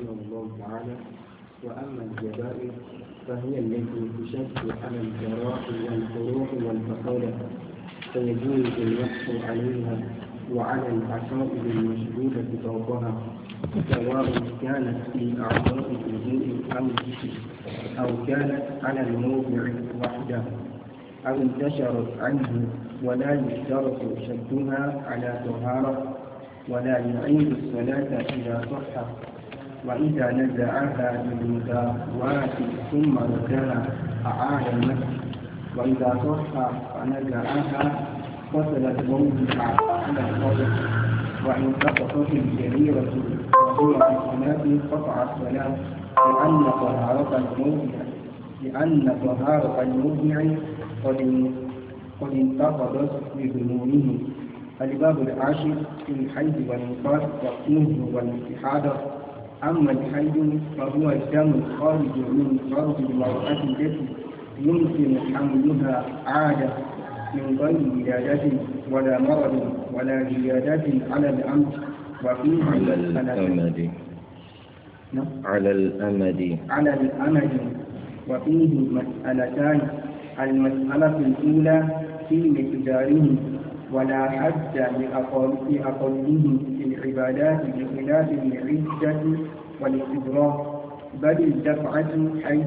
رحمه الله تعالى وأما الجبائر فهي التي تشد على الجراح والفروح والفصولة فيجوز الوقف عليها وعلى العصائب المشدودة فوقها سواء كانت في أعضاء الوجوء أو الجسم أو كانت على الموضع وحده أو انتشرت عنه ولا يشترط شدها على طهارة ولا يعيد الصلاة إذا صحت وإذا نزعها بالمداوات ثم ردها أعاد المسح وإذا صح فنزعها فصلت موضعها على الفرد وإن سقطت الجريرة وهي في الصلاة قطع الصلاة لأن طهارة الموضع لأن طهارة الموضع قد قد انتقضت بذنوبه الباب العاشر في الحيض والنفاس والطهر والاتحاد أما الحي فهو الدم الخارج من فرج المرأة التي يمكن حملها عادة من غير ولادة ولا مرض ولا زيادة على الأمد وفيه على الأمد نعم. على الأمد على الأمد وفيه مسألتان المسألة الأولى في مقداره ولا حد لأقله في العبادات بخلاف العدة والاستبراء بل الدفعة حيث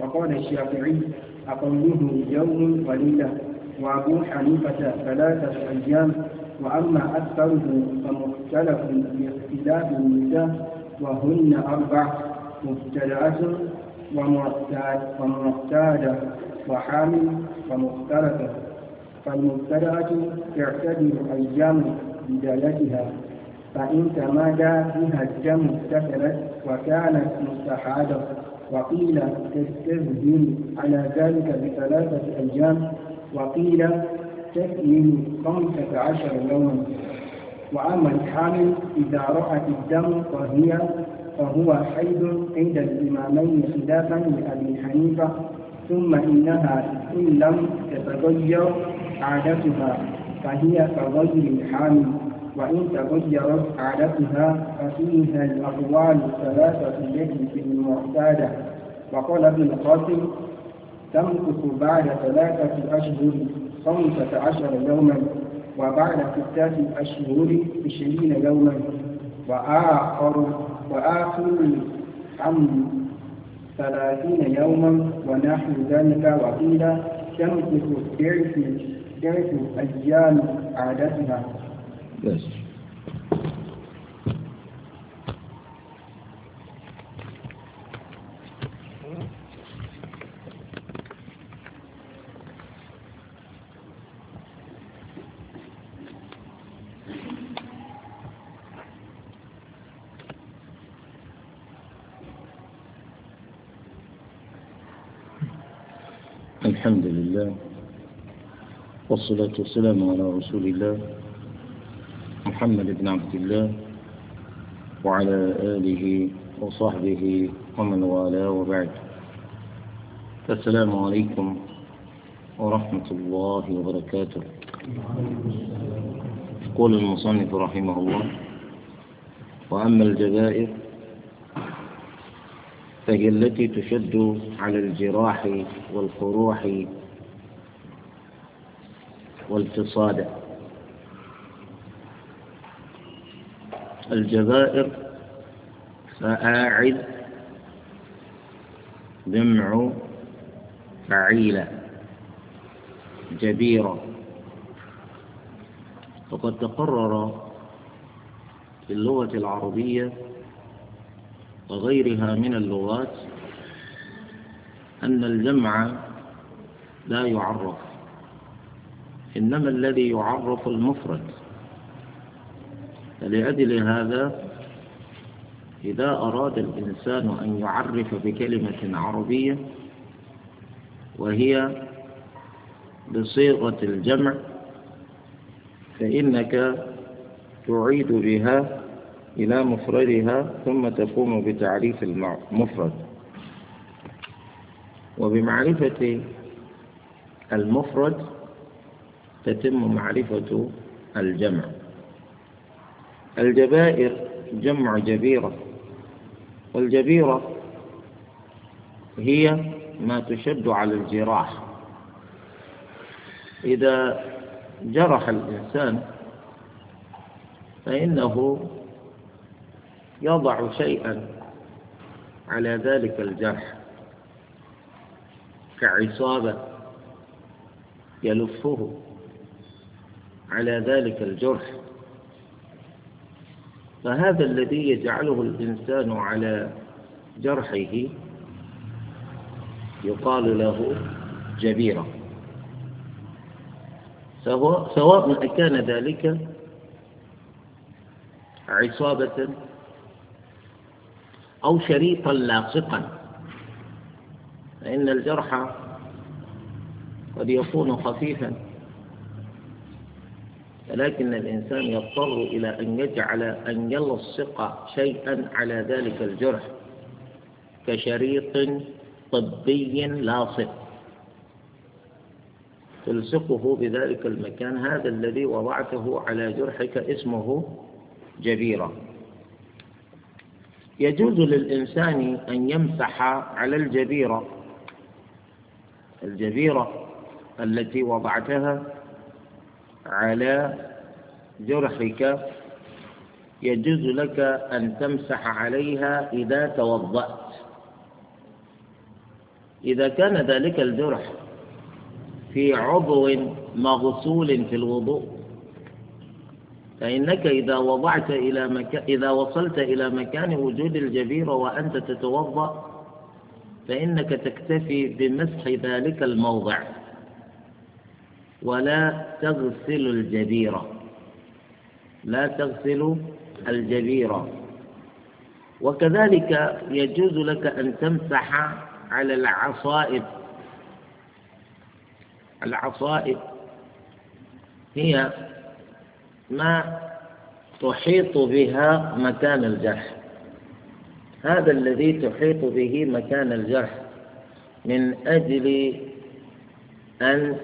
وقال الشافعي أقله يوم وليلة وأبو حنيفة ثلاثة أيام وأما أكثره فمختلف باختلاف النساء وهن أربع مبتدعة ومعتادة وحامل ومختلفة فالمبتدعة تعتبر أيام بدالتها فإن تمادى بها الدم اكتسبت وكانت مستحادة وقيل تستهدم على ذلك بثلاثة أيام وقيل تكمل خمسة عشر يوما وأما الحامل إذا رأت الدم فهي فهو حيض عند الإمامين خلافا لأبي حنيفة ثم إنها إن لم تتغير عادتها فهي كغير الحامل وإن تغيرت عادتها ففيها الأقوال الثلاثة التي في المعتادة وقال ابن القاسم تمكث بعد ثلاثة أشهر خمسة عشر يوما وبعد ستة أشهر عشرين يوما وآخر وآخر الحمل ثلاثين يوما ونحو ذلك وقيل تمكث ضعف تعرف أيام عادتها yes. والصلاة والسلام على رسول الله محمد بن عبد الله وعلى آله وصحبه ومن والاه وبعد السلام عليكم ورحمة الله وبركاته يقول المصنف رحمه الله وأما الجزائر فهي التي تشد على الجراح والقروح والفصادة الجبائر فآعد جمع فعيلة جبيرة وقد تقرر في اللغة العربية وغيرها من اللغات أن الجمع لا يعرف إنما الذي يعرف المفرد لأجل هذا إذا أراد الإنسان أن يعرف بكلمة عربية وهي بصيغة الجمع فإنك تعيد بها إلى مفردها ثم تقوم بتعريف المفرد وبمعرفة المفرد تتم معرفة الجمع الجبائر جمع جبيرة والجبيرة هي ما تشد على الجراح إذا جرح الإنسان فإنه يضع شيئا على ذلك الجرح كعصابة يلفه على ذلك الجرح فهذا الذي يجعله الإنسان على جرحه يقال له جبيرة سواء كان ذلك عصابة أو شريطا لاصقا فإن الجرح قد يكون خفيفا ولكن الإنسان يضطر إلى أن يجعل أن يلصق شيئا على ذلك الجرح كشريط طبي لاصق تلصقه بذلك المكان هذا الذي وضعته على جرحك اسمه جبيرة يجوز للإنسان أن يمسح على الجبيرة الجبيرة التي وضعتها على جرحك يجوز لك أن تمسح عليها إذا توضأت إذا كان ذلك الجرح في عضو مغسول في الوضوء فإنك إذا وضعت إلى مك... إذا وصلت إلى مكان وجود الجبيرة وأنت تتوضأ فإنك تكتفي بمسح ذلك الموضع ولا تغسل الجبيرة لا تغسل الجبيرة وكذلك يجوز لك أن تمسح على العصائب العصائب هي ما تحيط بها مكان الجرح هذا الذي تحيط به مكان الجرح من أجل أن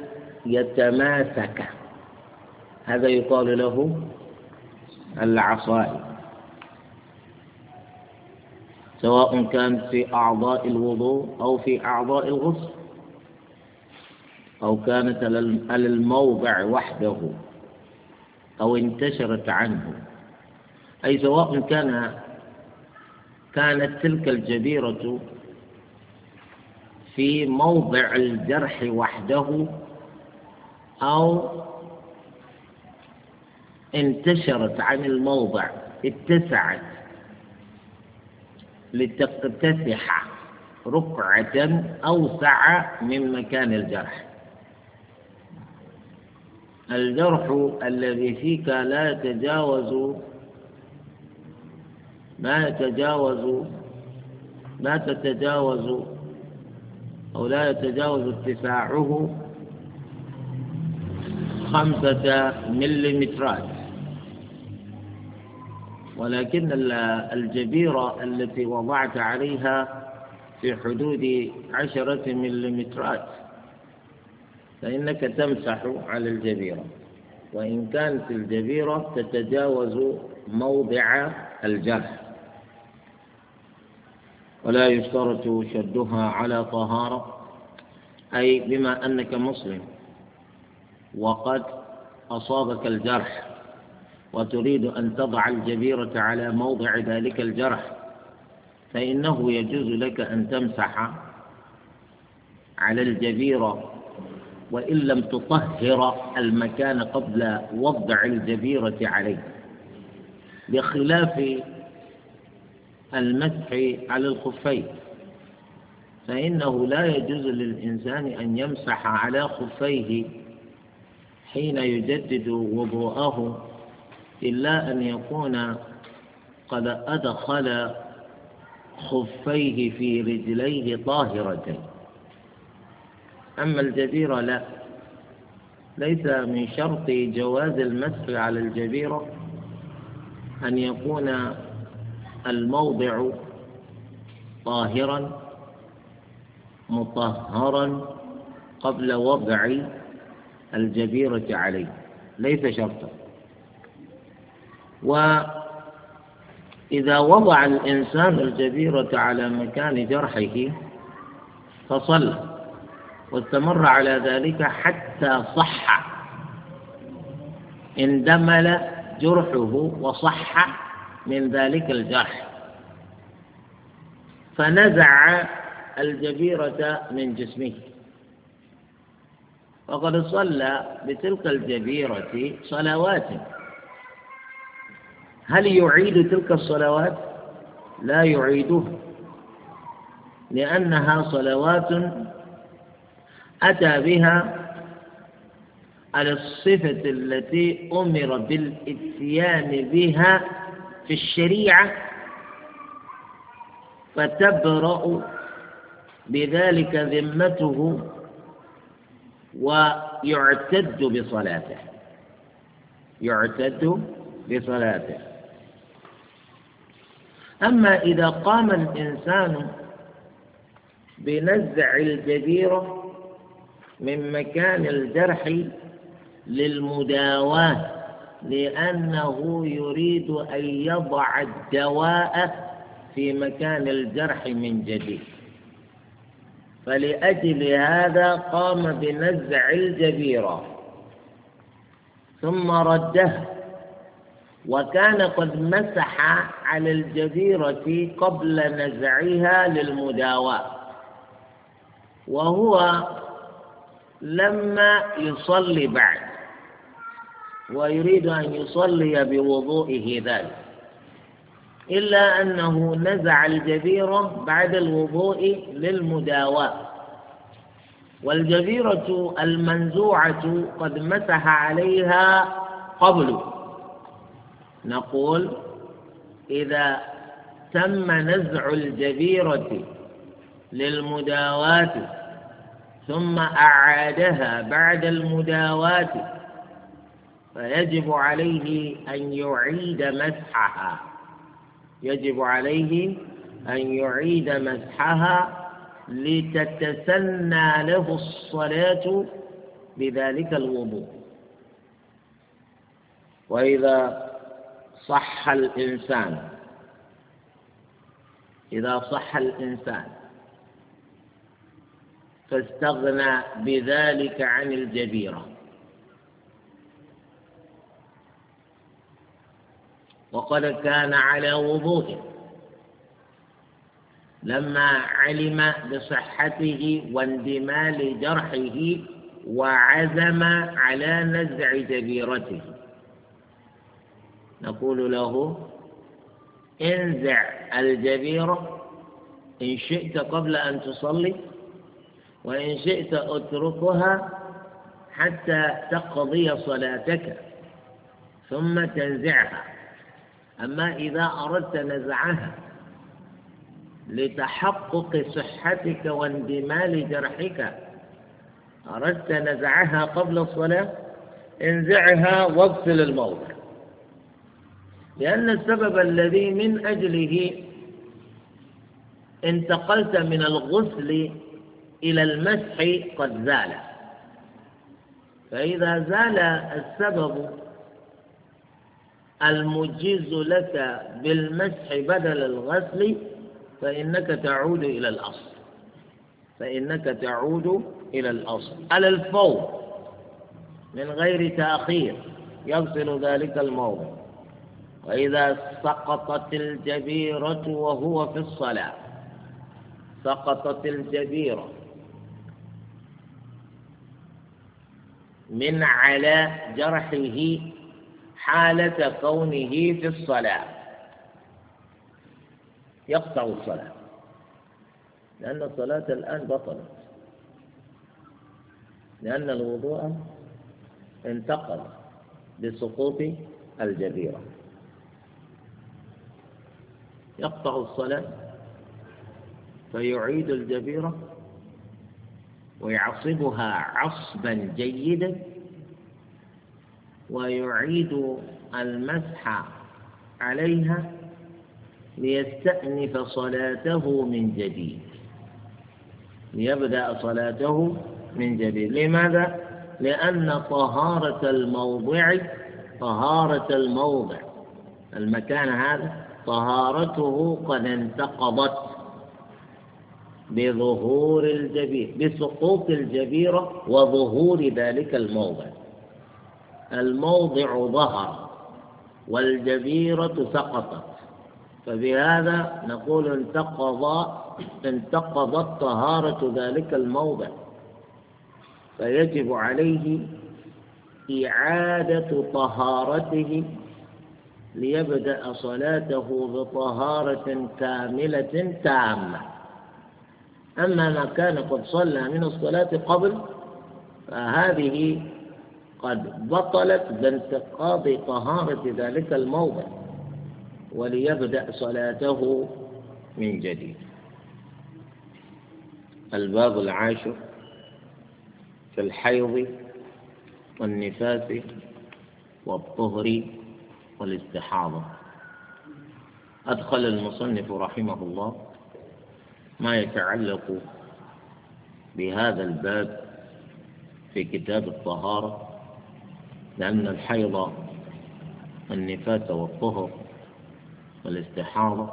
يتماسك هذا يقال له العصائب سواء كان في أعضاء الوضوء أو في أعضاء الغسل أو كانت على الموضع وحده أو انتشرت عنه أي سواء كان كانت تلك الجبيرة في موضع الجرح وحده أو انتشرت عن الموضع اتسعت لتقتسح رقعة أوسع من مكان الجرح الجرح الذي فيك لا يتجاوز ما يتجاوز ما تتجاوز أو لا يتجاوز اتساعه خمسة مليمترات ولكن الجبيرة التي وضعت عليها في حدود عشرة مليمترات فإنك تمسح على الجبيرة وإن كانت الجبيرة تتجاوز موضع الجرح ولا يشترط شدها على طهارة أي بما أنك مسلم وقد أصابك الجرح وتريد أن تضع الجبيرة على موضع ذلك الجرح فإنه يجوز لك أن تمسح على الجبيرة وإن لم تطهر المكان قبل وضع الجبيرة عليه بخلاف المسح على الخفين فإنه لا يجوز للإنسان أن يمسح على خفيه حين يجدد وضوءه إلا أن يكون قد أدخل خفيه في رجليه طاهرتين أما الجبيرة لا ليس من شرط جواز المسح على الجبيرة أن يكون الموضع طاهرا مطهرا قبل وضع الجبيرة عليه ليس شرطا وإذا وضع الإنسان الجبيرة على مكان جرحه فصلى واستمر على ذلك حتى صح اندمل جرحه وصح من ذلك الجرح فنزع الجبيرة من جسمه وقد صلى بتلك الجبيرة صلوات هل يعيد تلك الصلوات؟ لا يعيده لأنها صلوات أتى بها على الصفة التي أمر بالإتيان بها في الشريعة فتبرأ بذلك ذمته ويعتد بصلاته يعتد بصلاته أما إذا قام الإنسان بنزع الجزيرة من مكان الجرح للمداواة لأنه يريد أن يضع الدواء في مكان الجرح من جديد فلأجل هذا قام بنزع الجبيرة ثم رده وكان قد مسح على الجزيرة قبل نزعها للمداواة وهو لما يصلي بعد ويريد أن يصلي بوضوئه ذلك إلا أنه نزع الجبيرة بعد الوضوء للمداواة والجبيرة المنزوعة قد مسح عليها قبل نقول إذا تم نزع الجبيرة للمداواة ثم أعادها بعد المداواة فيجب عليه أن يعيد مسحها يجب عليه أن يعيد مسحها لتتسنى له الصلاة بذلك الوضوء وإذا صح الإنسان إذا صح الإنسان فاستغنى بذلك عن الجبيره وقد كان على وضوء لما علم بصحته واندمال جرحه وعزم على نزع جبيرته نقول له انزع الجبيرة إن شئت قبل أن تصلي وإن شئت اتركها حتى تقضي صلاتك ثم تنزعها أما إذا أردت نزعها لتحقق صحتك واندمال جرحك أردت نزعها قبل الصلاة انزعها واغسل الموضع لأن السبب الذي من أجله انتقلت من الغسل إلى المسح قد زال فإذا زال السبب المجيز لك بالمسح بدل الغسل فإنك تعود إلى الأصل فإنك تعود إلى الأصل على الفور من غير تأخير يغسل ذلك الموضع وإذا سقطت الجبيرة وهو في الصلاة سقطت الجبيرة من على جرحه حالة كونه في الصلاة يقطع الصلاة لأن الصلاة الآن بطلت لأن الوضوء انتقل بسقوط الجزيرة يقطع الصلاة فيعيد الجبيرة ويعصبها عصبا جيدا ويعيد المسح عليها ليستأنف صلاته من جديد ليبدأ صلاته من جديد لماذا؟ لأن طهارة الموضع طهارة الموضع المكان هذا طهارته قد انتقضت بظهور الجبير بسقوط الجبيرة وظهور ذلك الموضع الموضع ظهر والجبيرة سقطت فبهذا نقول انتقض انتقضت طهارة ذلك الموضع فيجب عليه إعادة طهارته ليبدأ صلاته بطهارة كاملة تامة أما ما كان قد صلى من الصلاة قبل فهذه قد بطلت بانتقاض طهارة ذلك الموضع وليبدأ صلاته من جديد الباب العاشر في الحيض والنفاس والطهر والاستحاضة أدخل المصنف رحمه الله ما يتعلق بهذا الباب في كتاب الطهارة لأن الحيض النفاس والطهر والاستحارة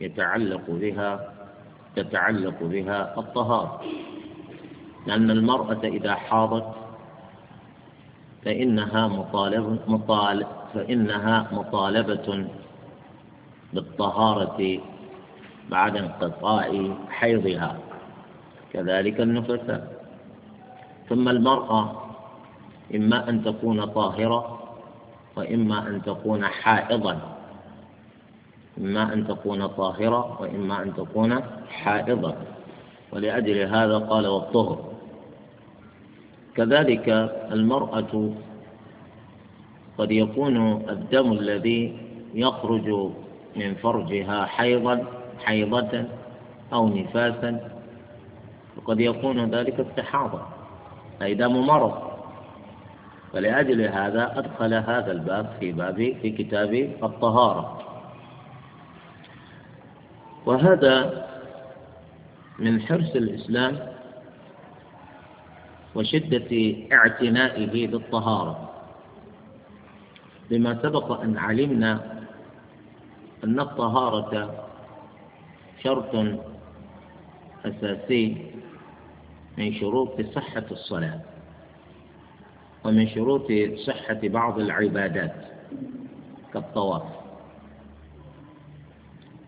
يتعلق بها تتعلق بها الطهارة لأن المرأة إذا حاضت فإنها مطالب مطالب فإنها مطالبة بالطهارة بعد انقطاع حيضها كذلك النفساء ثم المرأة إما أن تكون طاهرة وإما أن تكون حائضا إما أن تكون طاهرة وإما أن تكون حائضا ولأجل هذا قال والطهر كذلك المرأة قد يكون الدم الذي يخرج من فرجها حيضا حيضة أو نفاسا وقد يكون ذلك استحاضة أي دم مرض فلأجل هذا أدخل هذا الباب في باب في كتاب الطهارة وهذا من حرص الإسلام وشدة اعتنائه بالطهارة لما سبق أن علمنا أن الطهارة شرط أساسي من شروط صحة الصلاة ومن شروط صحة بعض العبادات كالطواف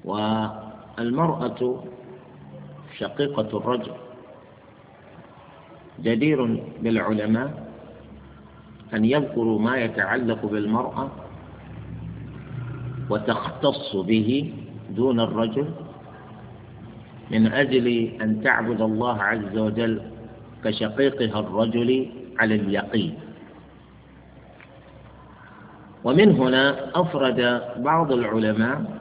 والمرأة شقيقة الرجل جدير بالعلماء أن يذكروا ما يتعلق بالمرأة وتختص به دون الرجل من أجل أن تعبد الله عز وجل كشقيقها الرجل على اليقين ومن هنا أفرد بعض العلماء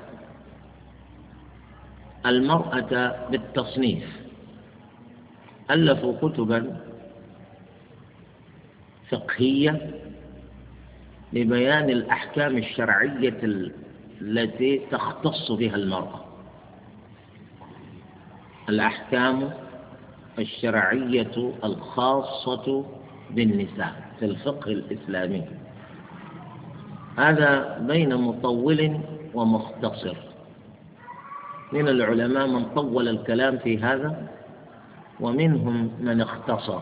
المرأة بالتصنيف ألفوا كتبا فقهية لبيان الأحكام الشرعية التي تختص بها المرأة الأحكام الشرعية الخاصة بالنساء في الفقه الإسلامي هذا بين مطول ومختصر من العلماء من طول الكلام في هذا ومنهم من اختصر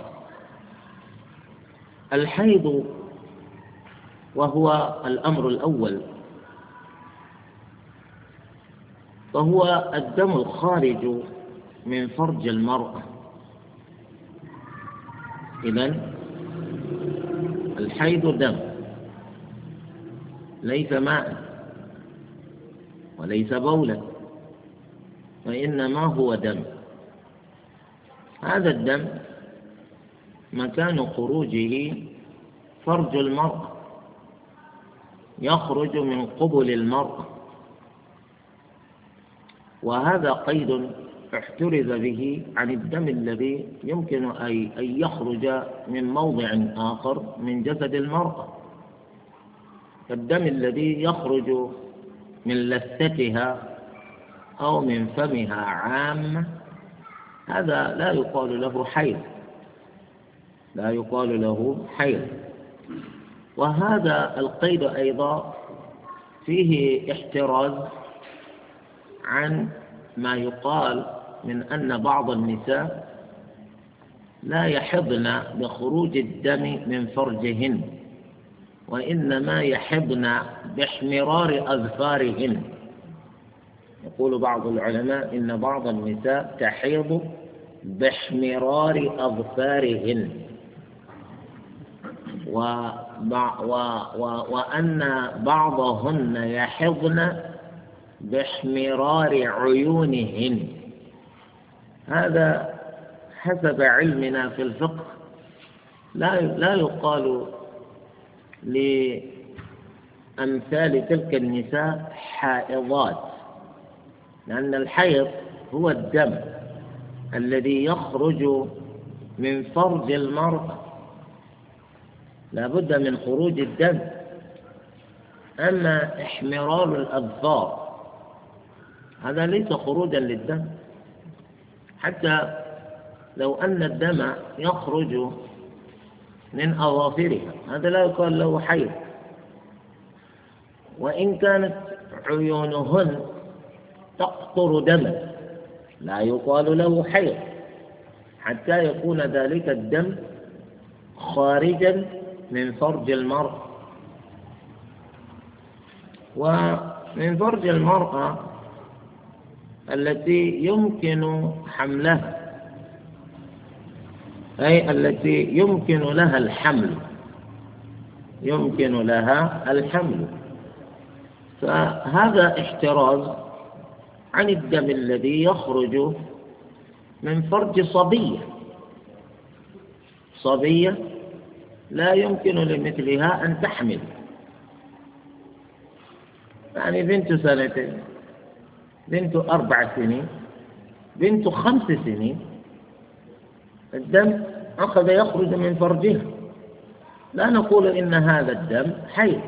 الحيض وهو الأمر الأول وهو الدم الخارج من فرج المرأة إذا الحيض دم ليس ماء وليس بولا وإنما هو دم هذا الدم مكان خروجه فرج المرأة يخرج من قبل المرأة وهذا قيد احترز به عن الدم الذي يمكن أي أن يخرج من موضع آخر من جسد المرأة الدم الذي يخرج من لثتها أو من فمها عامة هذا لا يقال له حيض لا يقال له حيض وهذا القيد أيضا فيه احتراز عن ما يقال من أن بعض النساء لا يحضن بخروج الدم من فرجهن وإنما يحضن باحمرار أظفارهن يقول بعض العلماء إن بعض النساء تحيض باحمرار أظفارهن و... و... و... وأن بعضهن يحضن باحمرار عيونهن هذا حسب علمنا في الفقه لا لا يقال لأمثال تلك النساء حائضات لأن الحيض هو الدم الذي يخرج من فرج المرأة لا بد من خروج الدم أما إحمرار الأظفار هذا ليس خروجا للدم حتى لو أن الدم يخرج من أظافرها هذا لا يقال له حيض وإن كانت عيونهن تقطر دما لا يقال له حيض حتى يكون ذلك الدم خارجا من فرج المرأة ومن فرج المرأة التي يمكن حملها أي التي يمكن لها الحمل يمكن لها الحمل فهذا احتراز عن الدم الذي يخرج من فرج صبية صبية لا يمكن لمثلها أن تحمل يعني بنت سنتين بنته أربع سنين بنته خمس سنين الدم أخذ يخرج من فرجها لا نقول إن هذا الدم حي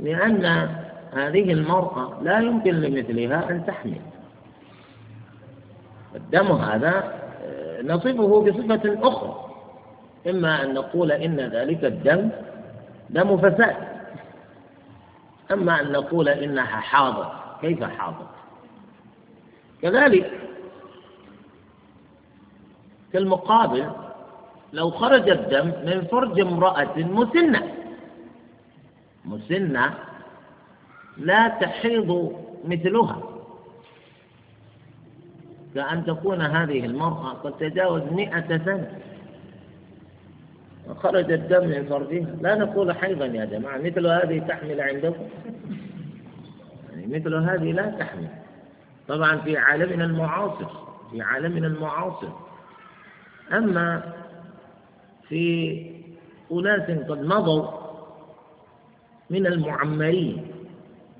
لأن هذه المرأة لا يمكن لمثلها أن تحمل الدم هذا آه، نصفه بصفة أخرى إما أن نقول إن ذلك الدم دم فساد أما أن نقول إنها حاضر كيف حاضر كذلك كالمقابل لو خرج الدم من فرج امرأة مسنة مسنة لا تحيض مثلها كأن تكون هذه المرأة قد تجاوز مئة سنة وخرج الدم من فرجها لا نقول حيضا يا جماعة مثل هذه تحمل عندكم يعني مثل هذه لا تحمل طبعا في عالمنا المعاصر في عالمنا المعاصر أما في أناس قد مضوا من المعمرين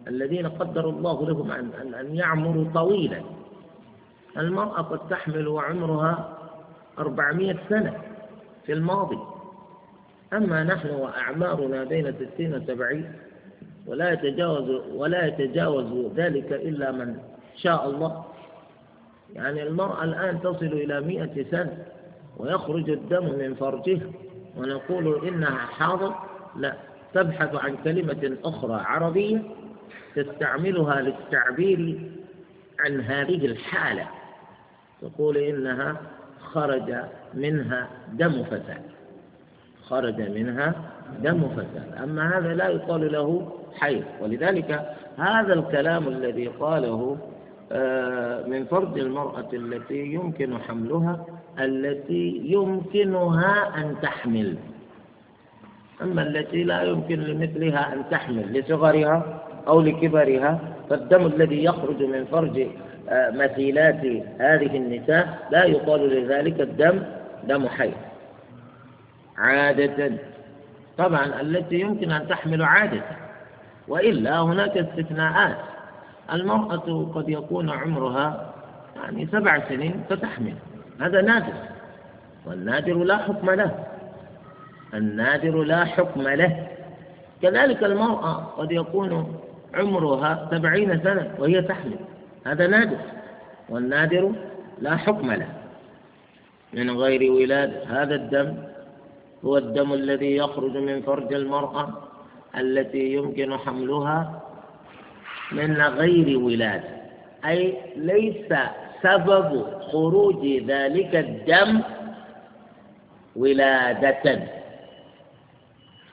الذين قدر الله لهم أن أن يعمروا طويلا المرأة قد تحمل وعمرها أربعمائة سنة في الماضي أما نحن وأعمارنا بين ستين وسبعين ولا يتجاوز ولا يتجاوز ذلك إلا من شاء الله يعني المرأة الآن تصل إلى مئة سنة ويخرج الدم من فرجه ونقول إنها حاضر لا تبحث عن كلمة أخرى عربية تستعملها للتعبير عن هذه الحالة تقول إنها خرج منها دم فساد خرج منها دم فساد أما هذا لا يقال له حيض ولذلك هذا الكلام الذي قاله آه، من فرد المرأة التي يمكن حملها التي يمكنها أن تحمل أما التي لا يمكن لمثلها أن تحمل لصغرها أو لكبرها فالدم الذي يخرج من فرج آه، مثيلات هذه النساء لا يقال لذلك الدم دم حي عادة طبعا التي يمكن أن تحمل عادة وإلا هناك استثناءات المرأة قد يكون عمرها يعني سبع سنين فتحمل هذا نادر والنادر لا حكم له النادر لا حكم له كذلك المرأة قد يكون عمرها سبعين سنة وهي تحمل هذا نادر والنادر لا حكم له من غير ولادة هذا الدم هو الدم الذي يخرج من فرج المرأة التي يمكن حملها من غير ولادة أي ليس سبب خروج ذلك الدم ولادة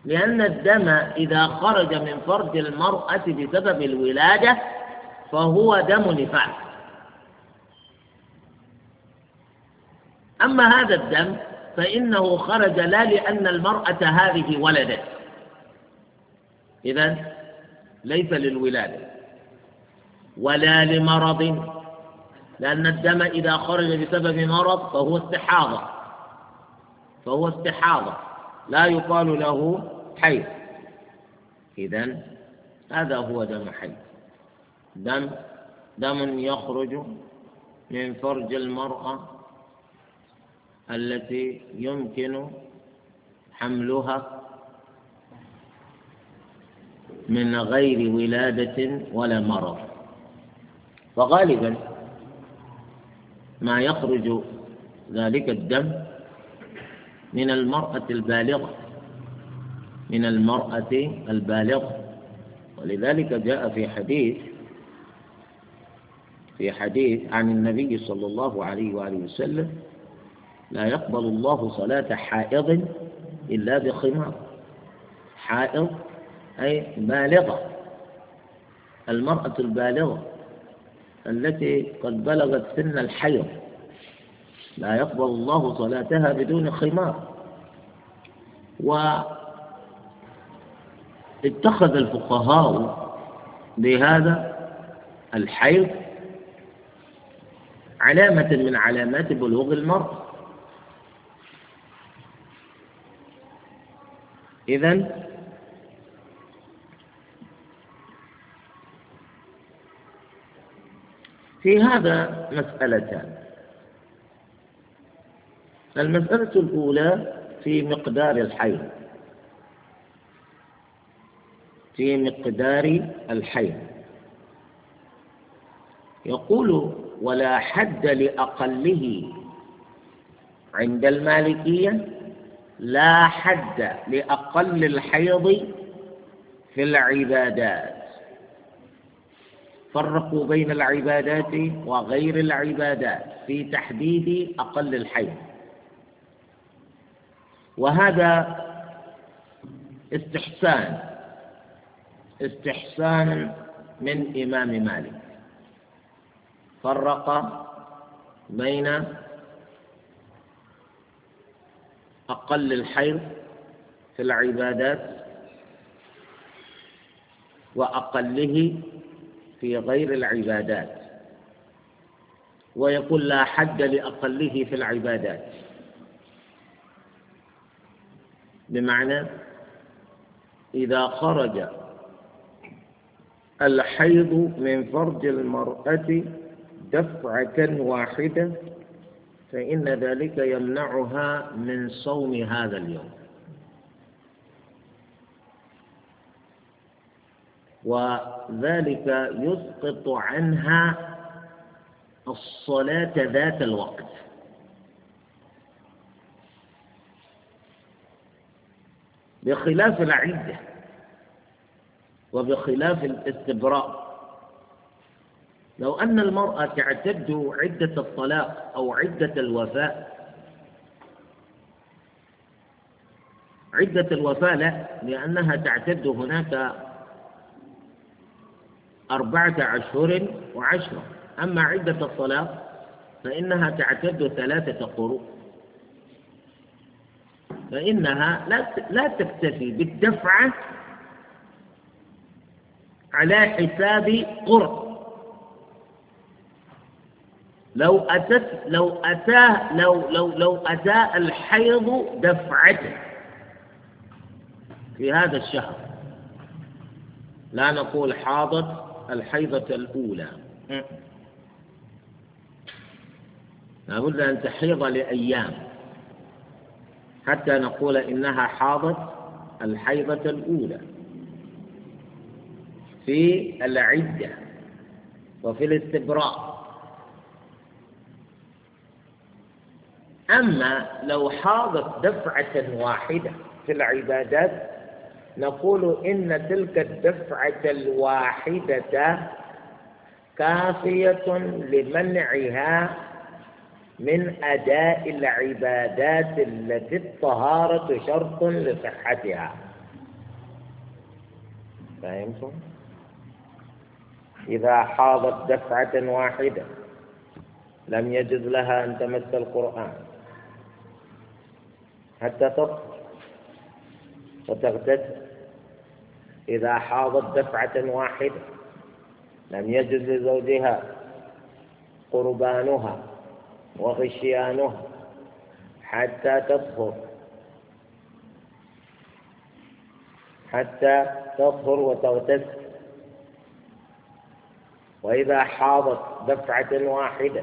لأن الدم إذا خرج من فرج المرأة بسبب الولادة فهو دم نفاس أما هذا الدم فإنه خرج لا لأن المرأة هذه ولدت إذا ليس للولادة ولا لمرض لأن الدم إذا خرج بسبب مرض فهو استحاضة فهو استحاضة لا يقال له حي إذا هذا هو دم حي دم دم يخرج من فرج المرأة التي يمكن حملها من غير ولادة ولا مرض فغالبا ما يخرج ذلك الدم من المرأة البالغة من المرأة البالغة ولذلك جاء في حديث في حديث عن النبي صلى الله عليه وآله وسلم لا يقبل الله صلاة حائض إلا بخمار حائض أي بالغة المرأة البالغة التي قد بلغت سن الحيض لا يقبل الله صلاتها بدون خمار واتخذ الفقهاء بهذا الحيض علامة من علامات بلوغ المرأة إذا في هذا مسألتان المسألة الأولى في مقدار الحيض في مقدار الحيض يقول ولا حد لأقله عند المالكية لا حد لأقل الحيض في العبادات فرقوا بين العبادات وغير العبادات في تحديد أقل الحيض وهذا استحسان استحسان من إمام مالك فرق بين أقل الحيض في العبادات وأقله في غير العبادات ويقول لا حد لأقله في العبادات بمعنى إذا خرج الحيض من فرج المرأة دفعة واحدة فإن ذلك يمنعها من صوم هذا اليوم وذلك يسقط عنها الصلاة ذات الوقت بخلاف العدة وبخلاف الاستبراء لو أن المرأة تعتد عدة الطلاق أو عدة الوفاء عدة الوفاة لا لأنها تعتد هناك أربعة أشهر وعشرة أما عدة الطلاق فإنها تعتد ثلاثة قروء فإنها لا لا تكتفي بالدفعة على حساب قرء لو أتت لو أتاه لو لو لو أتى الحيض دفعته في هذا الشهر لا نقول حاضت الحيضة الأولى لابد أن تحيض لأيام حتى نقول إنها حاضت الحيضة الأولى في العدة وفي الاستبراء أما لو حاضت دفعة واحدة في العبادات نقول إن تلك الدفعة الواحدة كافية لمنعها من أداء العبادات التي الطهارة شرط لصحتها فهمتم؟ إذا حاضت دفعة واحدة لم يجد لها أن تمس القرآن حتى تطهر وتغتسل إذا حاضت دفعة واحدة لم يجد لزوجها قربانها وغشيانها حتى تطهر حتى تطهر وتغتسل وإذا حاضت دفعة واحدة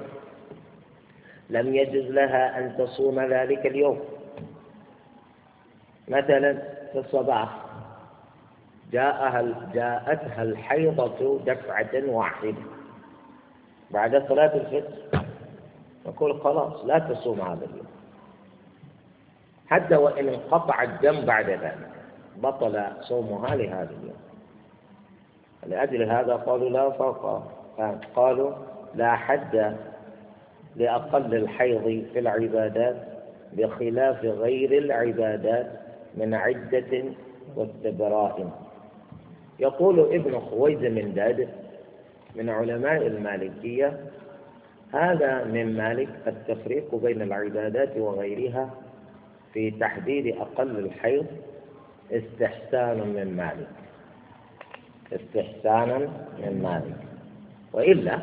لم يجز لها أن تصوم ذلك اليوم مثلا في الصباح جاءها جاءتها الحيضة دفعة واحدة بعد صلاة الفجر نقول خلاص لا تصوم هذا اليوم حتى وإن انقطع الدم بعد ذلك بطل صومها لهذا اليوم لأجل هذا قالوا لا فوق قالوا لا حد لأقل الحيض في العبادات بخلاف غير العبادات من عدة واستبراء يقول ابن خويز من داد من علماء المالكية هذا من مالك التفريق بين العبادات وغيرها في تحديد أقل الحيض استحسان من مالك استحسانا من مالك وإلا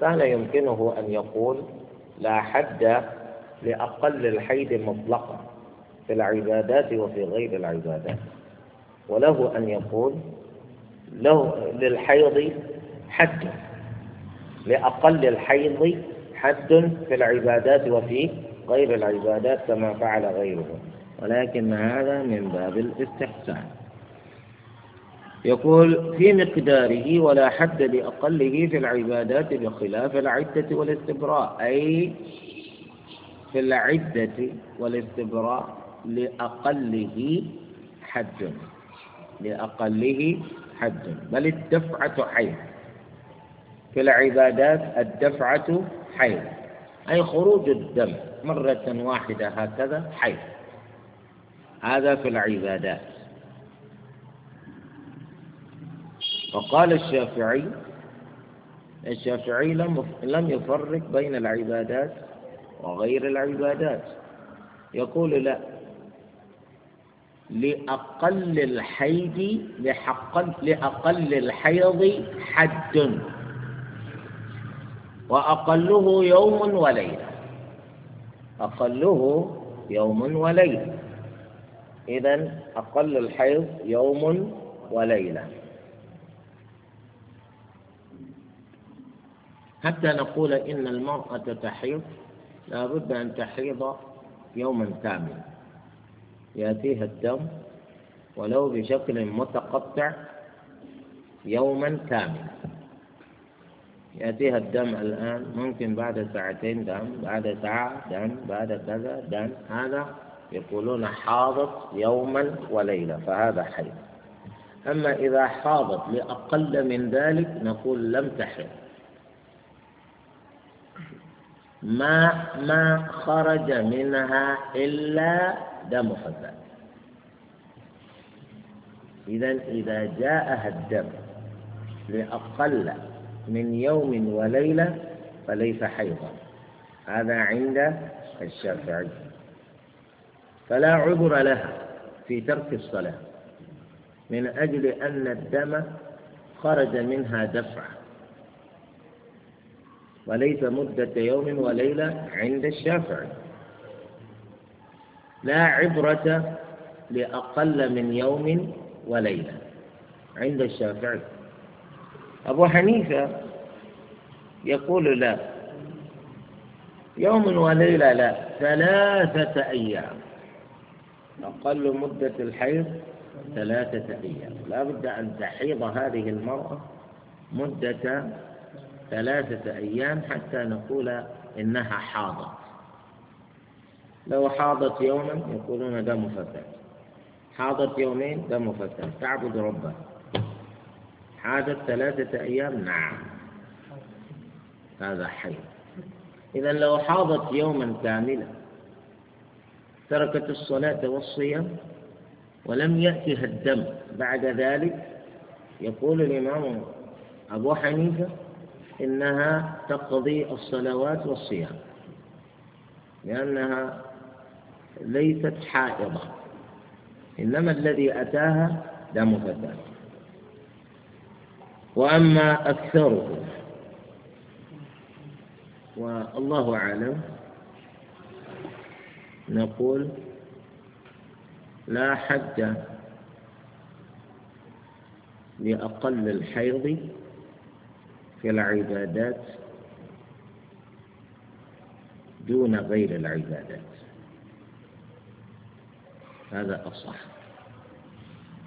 كان يمكنه أن يقول لا حد لأقل الحيض مطلقا في العبادات وفي غير العبادات وله أن يقول له للحيض حد لأقل الحيض حد في العبادات وفي غير العبادات كما فعل غيره ولكن هذا من باب الاستحسان يقول في مقداره ولا حد لأقله في العبادات بخلاف العدة والاستبراء أي في العدة والاستبراء لأقله حد لأقله حد بل الدفعة حي في العبادات الدفعة حي أي خروج الدم مرة واحدة هكذا حي هذا في العبادات وقال الشافعي الشافعي لم لم يفرق بين العبادات وغير العبادات يقول لا لأقل الحيض لحق لأقل الحيض حد وأقله يوم وليلة أقله يوم وليلة إذا أقل الحيض يوم وليلة حتى نقول إن المرأة تحيض لابد أن تحيض يوما كاملا يأتيها الدم ولو بشكل متقطع يوما كاملا يأتيها الدم الآن ممكن بعد ساعتين دم بعد ساعة دم بعد كذا دم هذا يقولون حاضت يوما وليلة فهذا حيض أما إذا حاضت لأقل من ذلك نقول لم تحرق ما ما خرج منها إلا دم خزان إذا إذا جاءها الدم لأقل من يوم وليلة فليس حيضا هذا عند الشافعي فلا عذر لها في ترك الصلاة من أجل أن الدم خرج منها دفعة وليس مدة يوم وليلة عند الشافعي لا عبرة لأقل من يوم وليلة عند الشافعي أبو حنيفة يقول لا يوم وليلة لا ثلاثة أيام أقل مدة الحيض ثلاثة أيام لا بد أن تحيض هذه المرأة مدة ثلاثة أيام حتى نقول إنها حاضر لو حاضت يوما يقولون دم مفتح حاضت يومين دم مفتح تعبد ربك حاضت ثلاثة أيام نعم هذا حي إذا لو حاضت يوما كاملا تركت الصلاة والصيام ولم يأتها الدم بعد ذلك يقول الإمام أبو حنيفة إنها تقضي الصلوات والصيام لأنها ليست حائضة إنما الذي أتاها دم فتاة وأما أكثرهم والله أعلم نقول لا حد لأقل الحيض في العبادات دون غير العبادات هذا أصح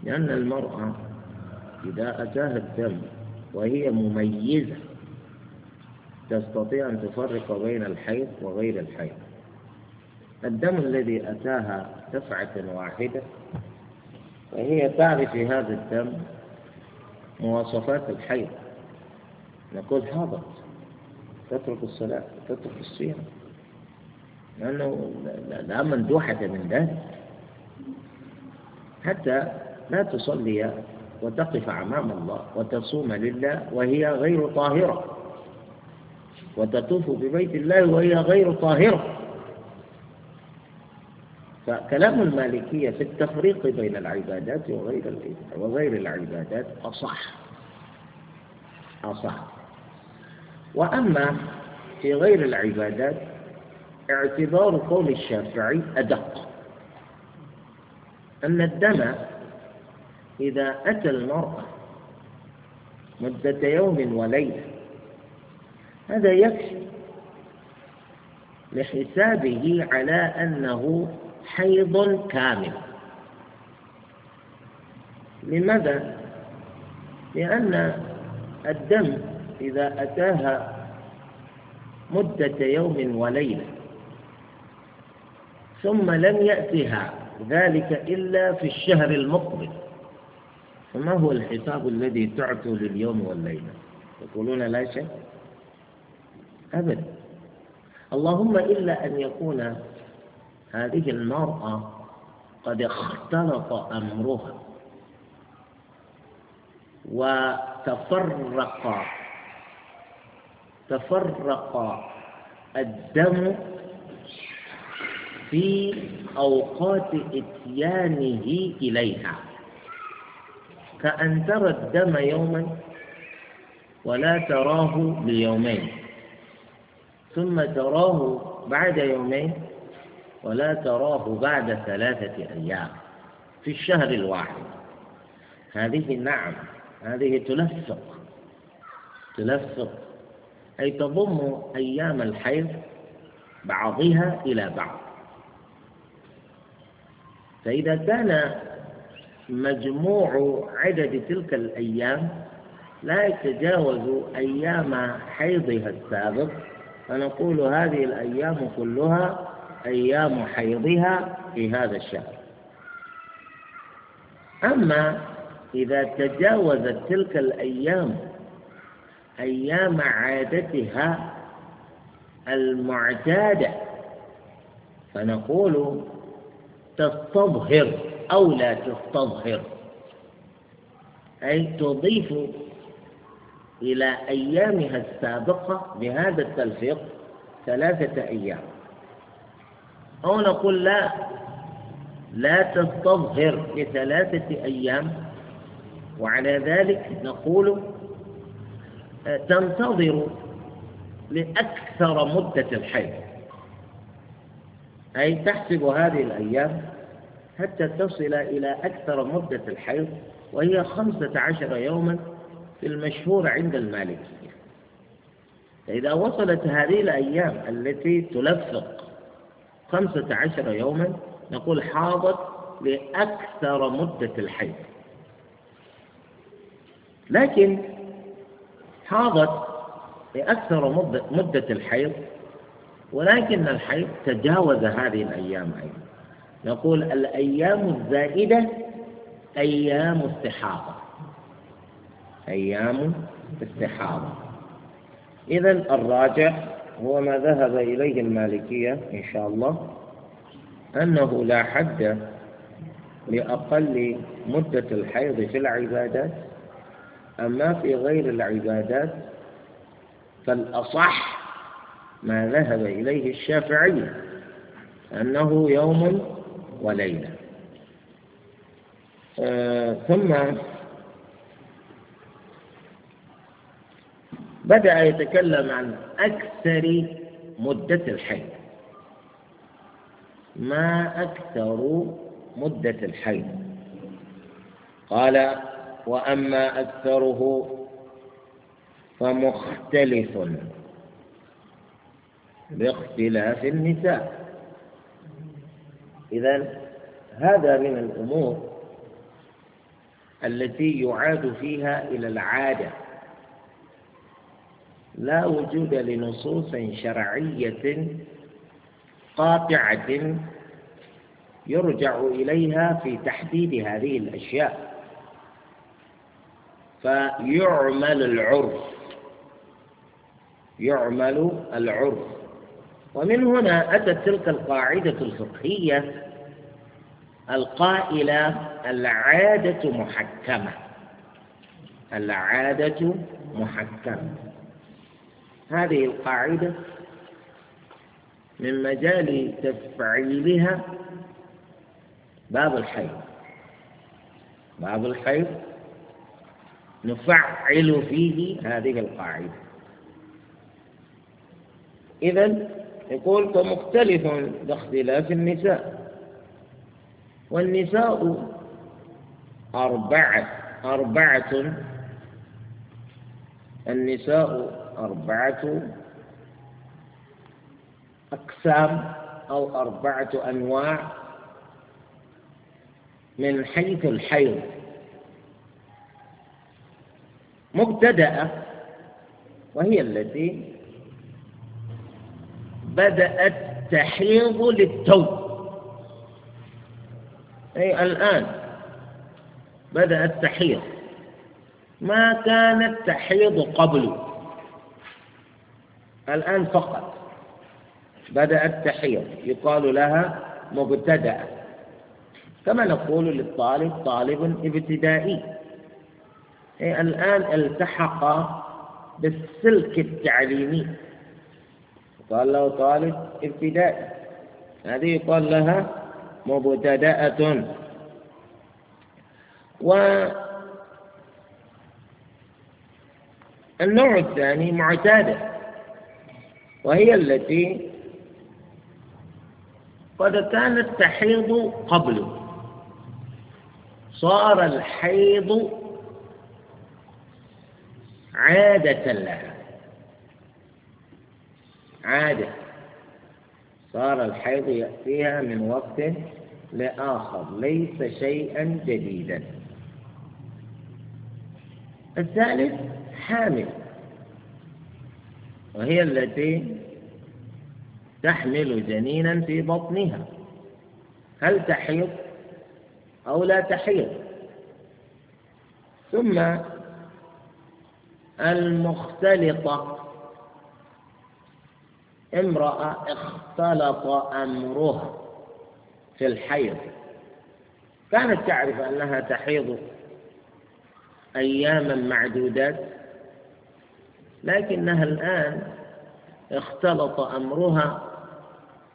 لأن المرأة إذا أتاها الدم وهي مميزة تستطيع أن تفرق بين الحيض وغير الحيض الدم الذي أتاها دفعة واحدة فهي تعرف في هذا الدم مواصفات الحيض نقول هابط تترك الصلاة تترك الصيام لأنه لا مندوحة من ذلك حتى لا تصلي وتقف أمام الله وتصوم لله وهي غير طاهرة وتطوف ببيت الله وهي غير طاهرة فكلام المالكية في التفريق بين العبادات وغير وغير العبادات أصح أصح وأما في غير العبادات اعتبار قول الشافعي أدق أن الدم إذا أتى المرأة مدة يوم وليلة هذا يكفي لحسابه على أنه حيض كامل لماذا؟ لأن الدم إذا أتاها مدة يوم وليلة ثم لم يأتها ذلك إلا في الشهر المقبل فما هو الحساب الذي تعطوا لليوم والليلة يقولون لا شيء أبدا اللهم إلا أن يكون هذه المرأة قد اختلط أمرها وتفرق تفرق الدم في أوقات إتيانه إليها كأن ترى الدم يوما ولا تراه ليومين ثم تراه بعد يومين ولا تراه بعد ثلاثة أيام في الشهر الواحد هذه نعم هذه تلفق تلفق أي تضم أيام الحيض بعضها إلى بعض فإذا كان مجموع عدد تلك الأيام لا يتجاوز أيام حيضها السابق فنقول هذه الأيام كلها أيام حيضها في هذا الشهر أما إذا تجاوزت تلك الأيام أيام عادتها المعتادة فنقول تستظهر أو لا تستظهر أي تضيف إلى أيامها السابقة بهذا التلفيق ثلاثة أيام أو نقول لا لا تستظهر لثلاثة أيام وعلى ذلك نقول آه، تنتظر لأكثر مدة الحيض أي تحسب هذه الأيام حتى تصل إلى أكثر مدة الحيض وهي خمسة عشر يوما في المشهور عند المالكية فإذا وصلت هذه الأيام التي تلفق خمسة عشر يوما نقول حاضت لأكثر مدة الحيض لكن حاضت لأكثر مدة الحيض ولكن الحيض تجاوز هذه الأيام أيضا نقول الأيام الزائدة أيام استحاضة أيام استحاضة إذا الراجع هو ما ذهب إليه المالكية إن شاء الله أنه لا حد لأقل مدة الحيض في العبادات أما في غير العبادات فالأصح ما ذهب إليه الشافعي أنه يوم وليلة آه ثم بدأ يتكلم عن أكثر مدة الحيض ما أكثر مدة الحيض قال وأما أكثره فمختلف باختلاف النساء إذا هذا من الأمور التي يعاد فيها إلى العادة لا وجود لنصوص شرعية قاطعة يرجع إليها في تحديد هذه الأشياء فيعمل العرف يعمل العرف ومن هنا أتت تلك القاعدة الفقهية القائلة العادة محكمة العادة محكمة هذه القاعدة من مجال تفعيلها باب الحيض باب الحيض نفعل فيه هذه القاعدة إذا يقول فمختلف باختلاف النساء والنساء أربعة أربعة النساء أربعة أقسام أو أربعة أنواع من حيث الحيض مبتدأة وهي التي بدأت تحيض للتو أي الآن بدأت تحيض ما كانت تحيض قبل الآن فقط بدأت تحيض يقال لها مبتدأ كما نقول للطالب طالب ابتدائي أي الآن التحق بالسلك التعليمي قال له طالب ابتدائي هذه قال لها مبتدأة و النوع الثاني معتادة وهي التي قد كانت تحيض قبله صار الحيض عادة لها عادة صار الحيض يأتيها من وقت لآخر ليس شيئا جديدا الثالث حامل وهي التي تحمل جنينا في بطنها هل تحيض أو لا تحيض ثم المختلطة امرأة اختلط أمرها في الحيض كانت تعرف أنها تحيض أياما معدودات لكنها الآن اختلط أمرها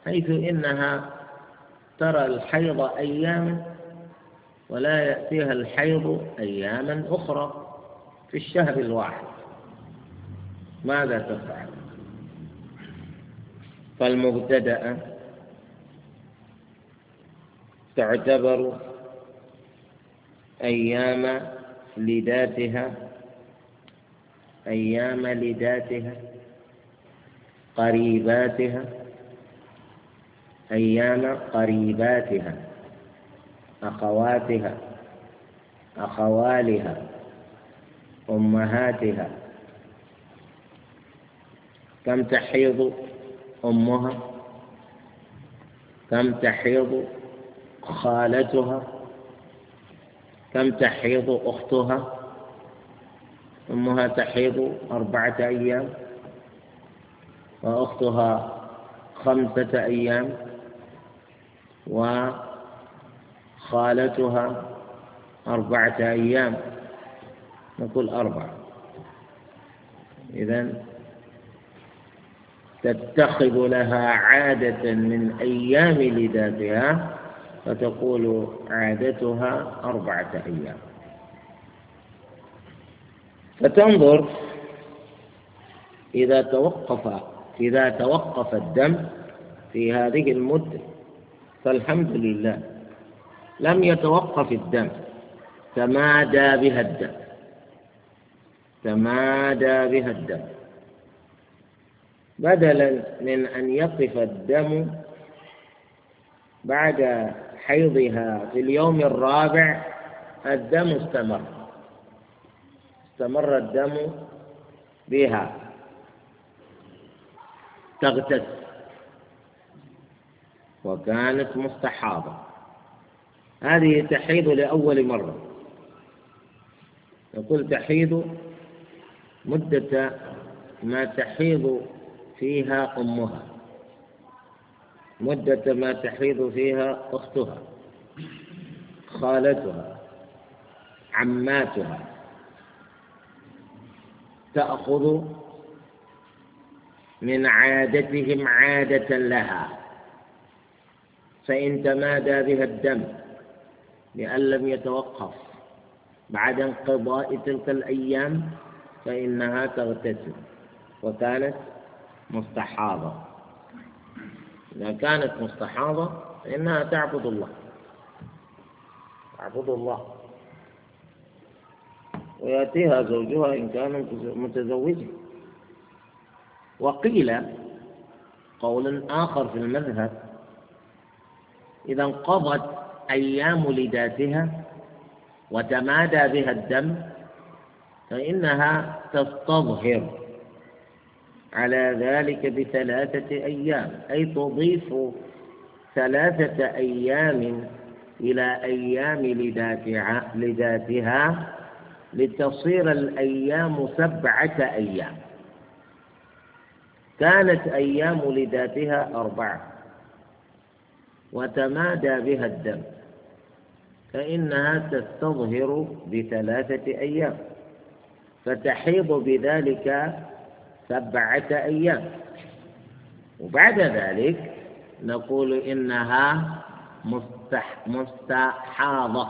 حيث إنها ترى الحيض أياما ولا يأتيها الحيض أياما أخرى في الشهر الواحد ماذا تفعل؟ فالمبتدأ تعتبر أيام لذاتها أيام لذاتها قريباتها أيام قريباتها أخواتها أخوالها أمهاتها كم تحيض أمها كم تحيض خالتها كم تحيض أختها أمها تحيض أربعة أيام وأختها خمسة أيام وخالتها أربعة أيام نقول أربعة إذا تتخذ لها عادة من أيام لذاتها فتقول عادتها أربعة أيام فتنظر إذا توقف إذا توقف الدم في هذه المدة فالحمد لله لم يتوقف الدم تمادى بها الدم تمادى بها الدم بدلا من أن يقف الدم بعد حيضها في اليوم الرابع الدم استمر استمر الدم بها تغتس وكانت مستحاضة هذه تحيض لأول مرة نقول تحيض مدة ما تحيض فيها أمها مدة ما تحيض فيها أختها خالتها عماتها تأخذ من عادتهم عادة لها فإن تمادى بها الدم لأن لم يتوقف بعد انقضاء تلك الأيام فإنها تغتسل وكانت مستحاضة إذا كانت مستحاضة فإنها تعبد الله تعبد الله ويأتيها زوجها إن كان متزوجا وقيل قول آخر في المذهب إذا انقضت أيام لداتها وتمادى بها الدم فإنها تستظهر على ذلك بثلاثة أيام أي تضيف ثلاثة أيام إلى أيام لذاتها لذاتها لتصير الأيام سبعة أيام كانت أيام لذاتها أربعة وتمادى بها الدم فإنها تستظهر بثلاثة أيام فتحيض بذلك سبعة أيام وبعد ذلك نقول إنها مستح مستحاضة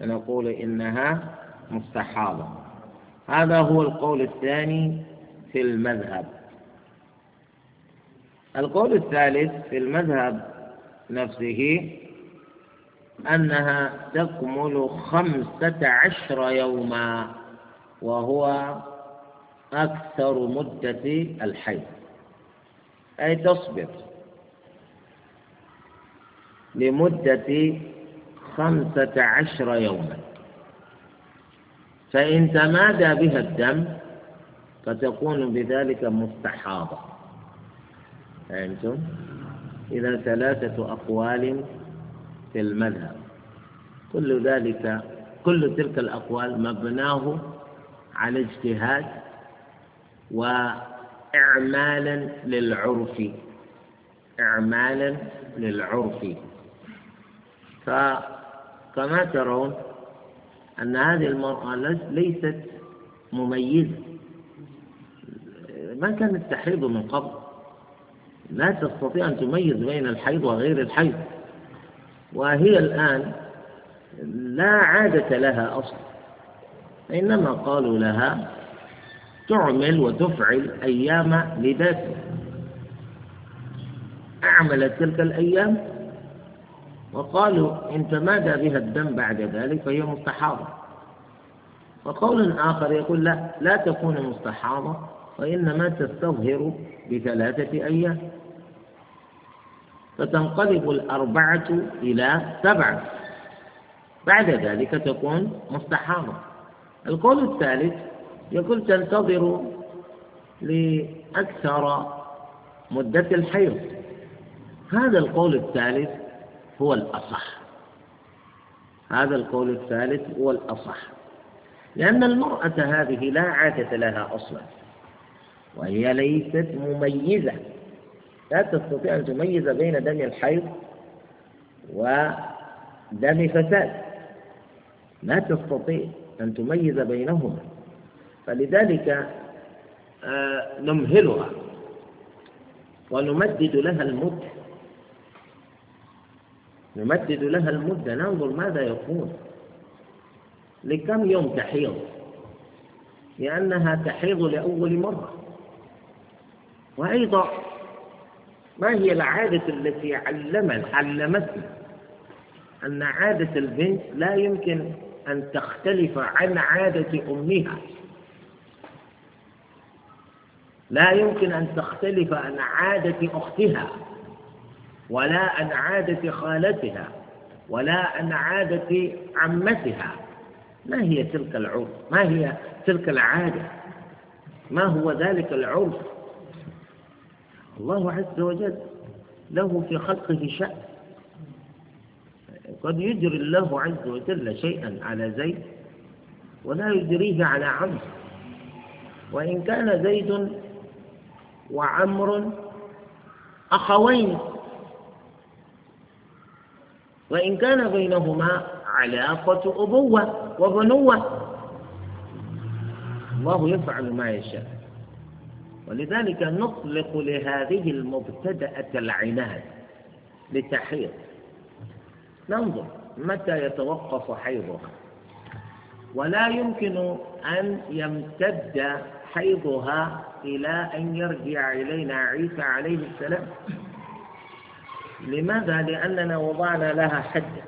نقول إنها مستحاضة هذا هو القول الثاني في المذهب القول الثالث في المذهب نفسه أنها تكمل خمسة عشر يوما وهو أكثر مدة الحيض أي تصبر لمدة خمسة عشر يوما فإن تمادى بها الدم فتكون بذلك مستحاضة فهمتم؟ إذا ثلاثة أقوال في المذهب كل ذلك كل تلك الأقوال مبناه على اجتهاد وإعمالا للعرف إعمالا للعرف فكما ترون أن هذه المرأة ليست مميزة ما كانت تحيض من قبل لا تستطيع أن تميز بين الحيض وغير الحيض وهي الآن لا عادة لها أصلا إنما قالوا لها تعمل وتفعل أيام لذاته أعملت تلك الأيام وقالوا إن تمادى بها الدم بعد ذلك فهي مستحاضة وقول آخر يقول لا لا تكون مستحاضة وإنما تستظهر بثلاثة أيام فتنقلب الأربعة إلى سبعة بعد ذلك تكون مستحاضة القول الثالث يقول تنتظر لأكثر مدة الحيض هذا القول الثالث هو الأصح هذا القول الثالث هو الأصح لأن المرأة هذه لا عادة لها أصلا وهي ليست مميزة لا تستطيع أن تميز بين دم الحيض ودم فساد لا تستطيع أن تميز بينهما فلذلك آه، نمهلها ونمدد لها المدة نمدد لها المدة ننظر ماذا يكون لكم يوم تحيض لأنها تحيض لأول مرة وأيضا ما هي العادة التي علمت علمتنا أن عادة البنت لا يمكن أن تختلف عن عادة أمها لا يمكن أن تختلف عن عادة أختها ولا عن عادة خالتها ولا عن عادة عمتها ما هي تلك العرف ما هي تلك العادة ما هو ذلك العرف الله عز وجل له في خلقه شأن قد يجري الله عز وجل شيئا على زيد ولا يجريه على عمرو وإن كان زيد وعمر أخوين وإن كان بينهما علاقة أبوة وبنوة الله يفعل ما يشاء ولذلك نطلق لهذه المبتدأة العناد لتحيض ننظر متى يتوقف حيضها ولا يمكن أن يمتد حيضها إلى أن يرجع إلينا عيسى عليه السلام لماذا؟ لأننا وضعنا لها حدا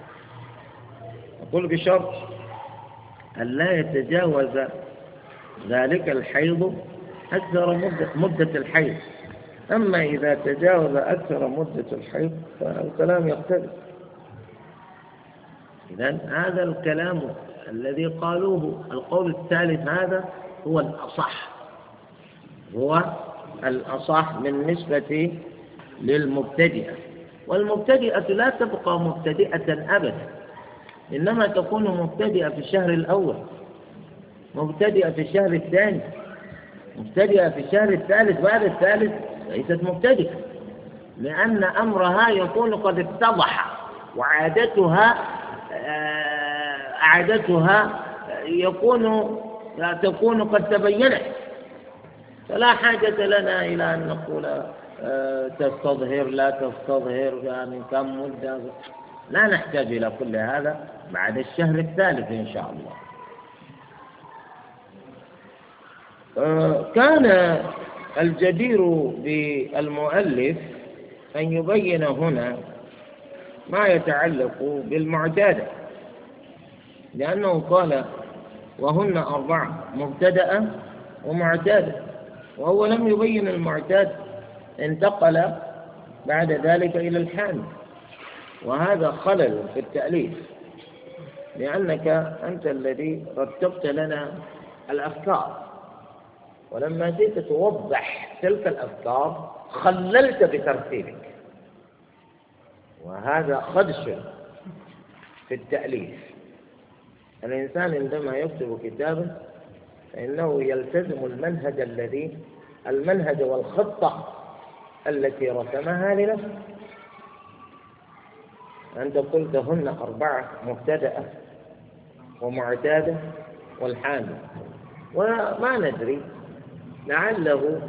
أقول بشرط أن لا يتجاوز ذلك الحيض أكثر مدة, مدة الحيض أما إذا تجاوز أكثر مدة الحيض فالكلام يختلف إذا هذا الكلام الذي قالوه القول الثالث هذا هو الأصح هو الأصح بالنسبة للمبتدئة والمبتدئة لا تبقى مبتدئة أبدا إنما تكون مبتدئة في الشهر الأول مبتدئة في الشهر الثاني مبتدئة في الشهر الثالث بعد الثالث ليست مبتدئة لأن أمرها يكون قد اتضح وعادتها آه، عادتها يكون تكون قد تبينت فلا حاجة لنا إلى أن نقول آه، تستظهر لا تستظهر يعني كم مدة لا نحتاج إلى كل هذا بعد الشهر الثالث إن شاء الله آه، كان الجدير بالمؤلف أن يبين هنا ما يتعلق بالمعتادة لأنه قال وهن أربعة مبتدأة ومعتادة وهو لم يبين المعتاد انتقل بعد ذلك إلى الحان وهذا خلل في التأليف لأنك أنت الذي رتبت لنا الأفكار ولما جئت توضح تلك الأفكار خللت بترتيبك وهذا خدش في التأليف الإنسان عندما يكتب كتابه فإنه يلتزم المنهج الذي المنهج والخطة التي رسمها لنفسه أنت قلت هن أربعة مبتدأة ومعتادة والحامل وما ندري لعله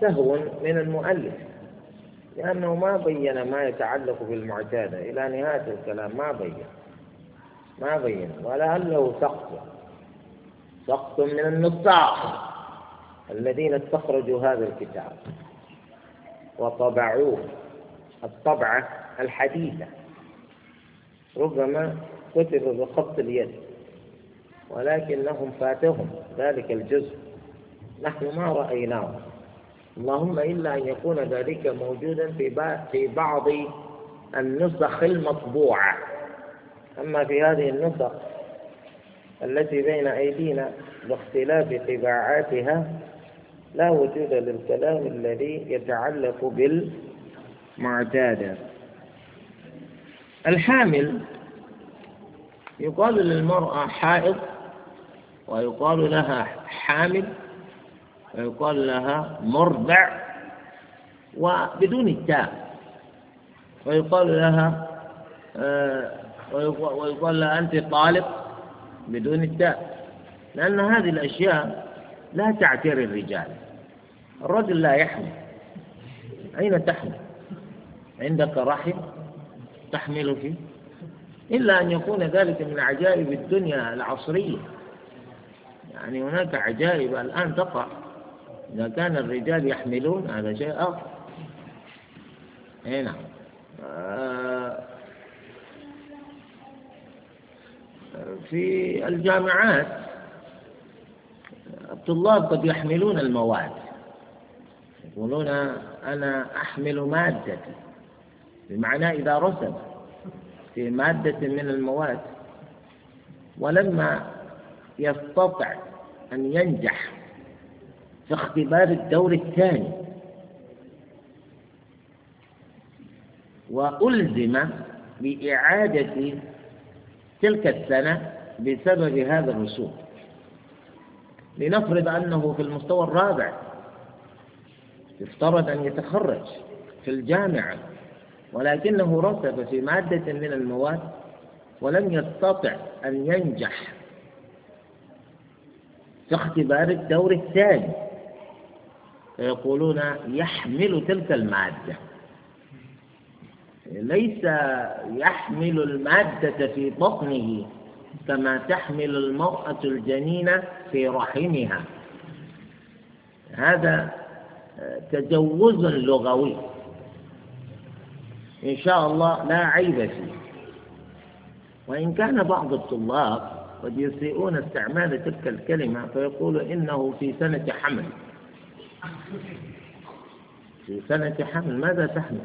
سهو من المؤلف لأنه ما بين ما يتعلق بالمعتادة إلى نهاية الكلام ما بين ما بين ولعله سقط سقط من النصار الذين استخرجوا هذا الكتاب وطبعوه الطبعة الحديثة ربما كتب بخط اليد ولكنهم فاتهم ذلك الجزء نحن ما رأيناه اللهم إلا أن يكون ذلك موجودا في في بعض النسخ المطبوعة أما في هذه النسخ التي بين أيدينا باختلاف طباعاتها لا وجود للكلام الذي يتعلق بالمعتادة الحامل يقال للمرأة حائض ويقال لها حامل ويقال لها مرضع وبدون التاء ويقال لها آه، ويقال لها أنت طالق بدون التاء لأن هذه الأشياء لا تعتري الرجال الرجل لا يحمل أين تحمل عندك رحم تحمل فيه إلا أن يكون ذلك من عجائب الدنيا العصرية يعني هناك عجائب الآن تقع إذا كان الرجال يحملون هذا شيء آخر أي نعم آه، في الجامعات الطلاب قد يحملون المواد يقولون أنا أحمل مادتي بمعنى إذا رسب في مادة من المواد ولما يستطع أن ينجح في اختبار الدور الثاني وألزم بإعادة تلك السنة بسبب هذا الرسوب لنفرض أنه في المستوى الرابع يفترض أن يتخرج في الجامعة ولكنه رتب في مادة من المواد ولم يستطع أن ينجح في اختبار الدور الثاني فيقولون يحمل تلك المادة ليس يحمل المادة في بطنه كما تحمل المرأة الجنين في رحمها هذا تجوز لغوي إن شاء الله لا عيب فيه وإن كان بعض الطلاب قد يسيئون استعمال تلك الكلمة فيقول إنه في سنة حمل في سنة حمل ماذا تحمل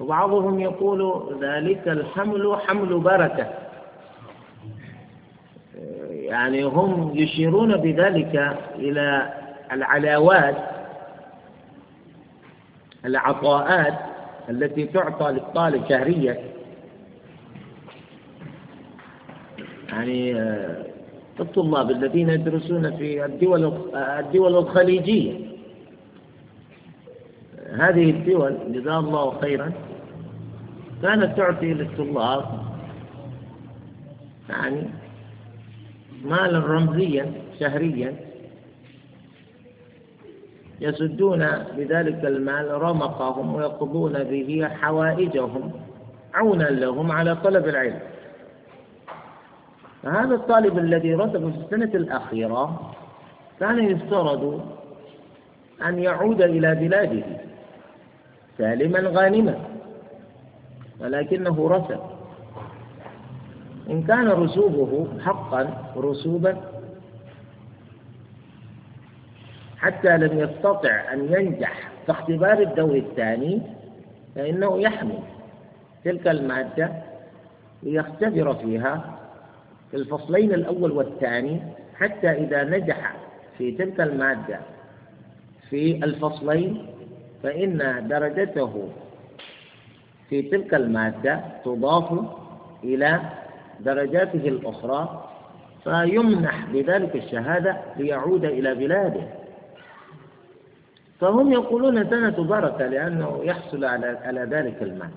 وبعضهم يقول ذلك الحمل حمل بركة يعني هم يشيرون بذلك إلى العلاوات العطاءات التي تعطى للطالب شهريا يعني آه، الطلاب الذين يدرسون في الدول الدول الخليجيه هذه الدول جزاها الله خيرا كانت تعطي للطلاب يعني مالا رمزيا شهريا يسدون بذلك المال رمقهم ويقضون به حوائجهم عونا لهم على طلب العلم فهذا الطالب الذي رتب في السنة الأخيرة كان يفترض أن يعود إلى بلاده سالما غانما ولكنه رسب إن كان رسوبه حقا رسوبا حتى لم يستطع أن ينجح في اختبار الدور الثاني فإنه يحمل تلك المادة ليختبر فيها في الفصلين الأول والثاني حتى إذا نجح في تلك المادة في الفصلين فإن درجته في تلك المادة تضاف إلى درجاته الأخرى فيمنح بذلك الشهادة ليعود إلى بلاده فهم يقولون سنة بركة لأنه يحصل على على ذلك المال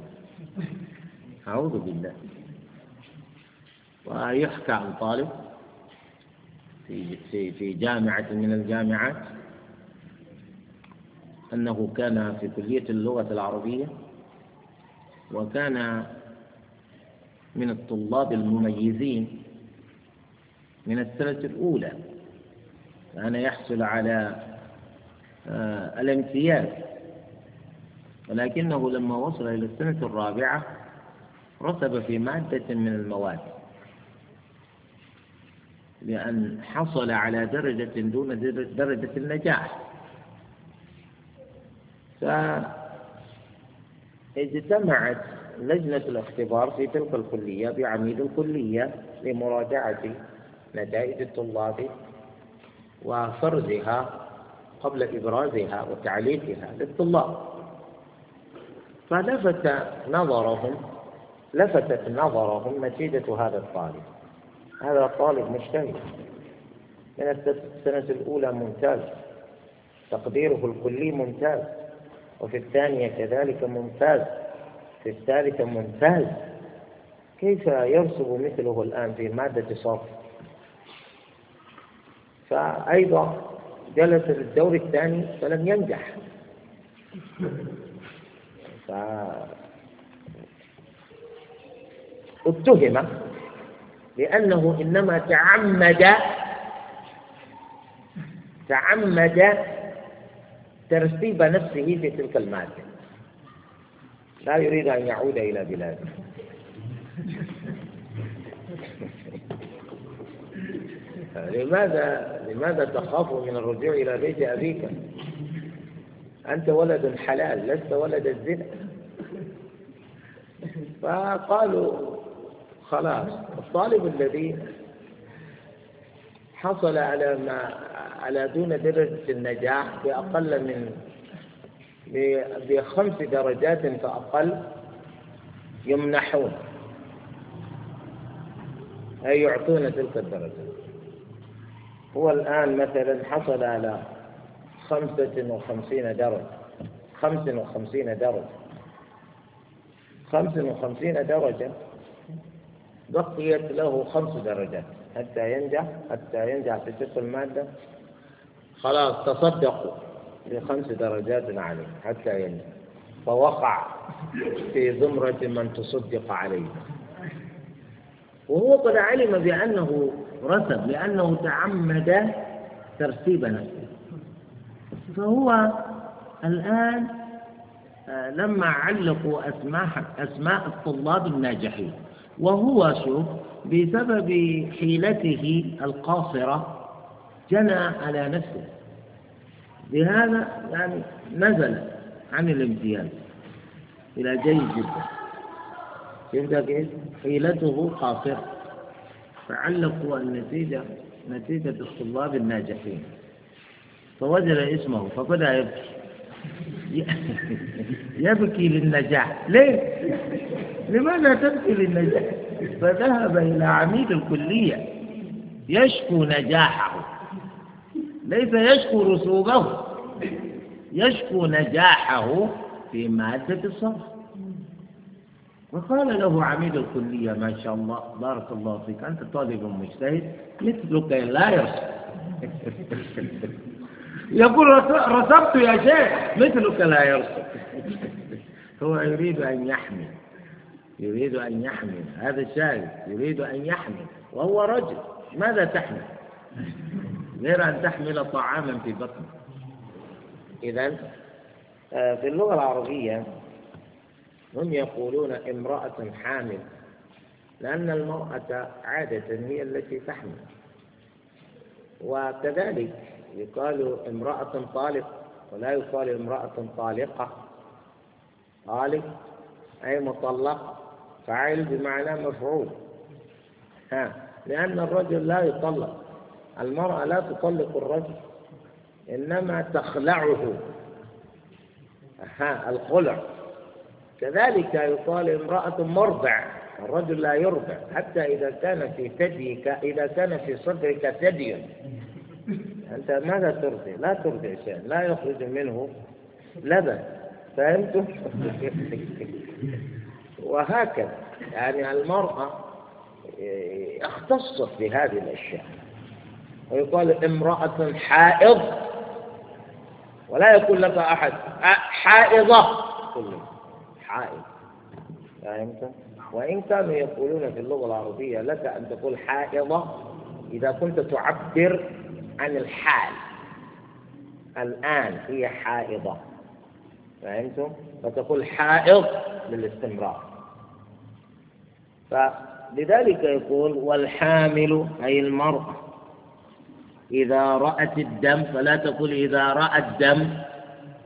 أعوذ بالله ويحكى عن طالب في في في جامعة من الجامعات أنه كان في كلية اللغة العربية وكان من الطلاب المميزين من السنة الأولى كان يحصل على آه، الامتياز ولكنه لما وصل إلى السنة الرابعة رتب في مادة من المواد لأن حصل على درجة دون درجة النجاح فاجتمعت لجنة الاختبار في تلك الكلية بعميد الكلية لمراجعة نتائج الطلاب وفرزها قبل إبرازها وتعليقها للطلاب فلفت نظرهم لفتت نظرهم نتيجة هذا الطالب هذا الطالب مجتهد من السنة الأولى ممتاز تقديره الكلي ممتاز وفي الثانية كذلك ممتاز في الثالثة ممتاز كيف يرسب مثله الآن في مادة صرف فأيضا جلس للدور الثاني فلم ينجح ف اتهم لأنه إنما تعمد تعمد ترتيب نفسه في تلك المادة لا يريد أن يعود إلى بلاده لماذا لماذا تخاف من الرجوع إلى بيت أبيك؟ أنت ولد حلال لست ولد الزنا فقالوا خلاص الطالب الذي حصل على ما على دون درجة النجاح بأقل من بخمس درجات فأقل يمنحون أي يعطون تلك الدرجة هو الآن مثلا حصل على خمسة وخمسين درجة خمس وخمسين درجة خمس وخمسين درجة بقيت له خمس درجات حتى ينجح حتى ينجح في تلك المادة خلاص تصدقوا بخمس درجات عليه حتى ينجح فوقع في زمرة من تصدق عليه وهو قد علم بأنه رسب لأنه تعمد ترتيب نفسه فهو الآن آه، لما علقوا أسماء أسماء الطلاب الناجحين وهو شوف بسبب حيلته القاصرة جنى على نفسه بهذا يعني نزل عن الامتياز إلى جيد جدا يبدأ كيف حيلته قاصرة فعلقوا النتيجة نتيجة الطلاب الناجحين فوجد اسمه فبدأ يبكي يبكي للنجاح ليه؟ لماذا تبكي للنجاح؟ فذهب إلى عميد الكلية يشكو نجاحه ليس يشكو رسوبه يشكو نجاحه في مادة الصرف وقال له عميد الكلية ما شاء الله بارك الله فيك أنت طالب مجتهد مثلك لا يرسم يقول رسمت يا شيخ مثلك لا يرسم هو يريد أن يحمي يريد أن يحمل هذا الشاهد يريد أن يحمل وهو رجل ماذا تحمل غير أن تحمل طعاما في بطنك إذا آه، في اللغة العربية هم يقولون امرأة حامل لأن المرأة عادة هي التي تحمل وكذلك يقال امرأة طالق ولا يقال امرأة طالقة طالق أي مطلق فاعل بمعنى مفعول ها لأن الرجل لا يطلق المرأة لا تطلق الرجل إنما تخلعه أها الخلع كذلك يقال امرأة مربع الرجل لا يربع حتى إذا كان في ثديك إذا كان في صدرك ثدي أنت ماذا ترضي؟ لا ترضي شيئا لا يخرج منه لبن فهمتم؟ وهكذا يعني المرأة اختصت بهذه الأشياء ويقال امرأة حائض ولا يقول لك أحد حائضة حائض فهمت؟ وإن كانوا يقولون في اللغة العربية لك أن تقول حائضة إذا كنت تعبر عن الحال الآن هي حائضة فهمتم؟ فتقول حائض للاستمرار فلذلك يقول والحامل أي المرأة إذا رأت الدم فلا تقول إذا رأى الدم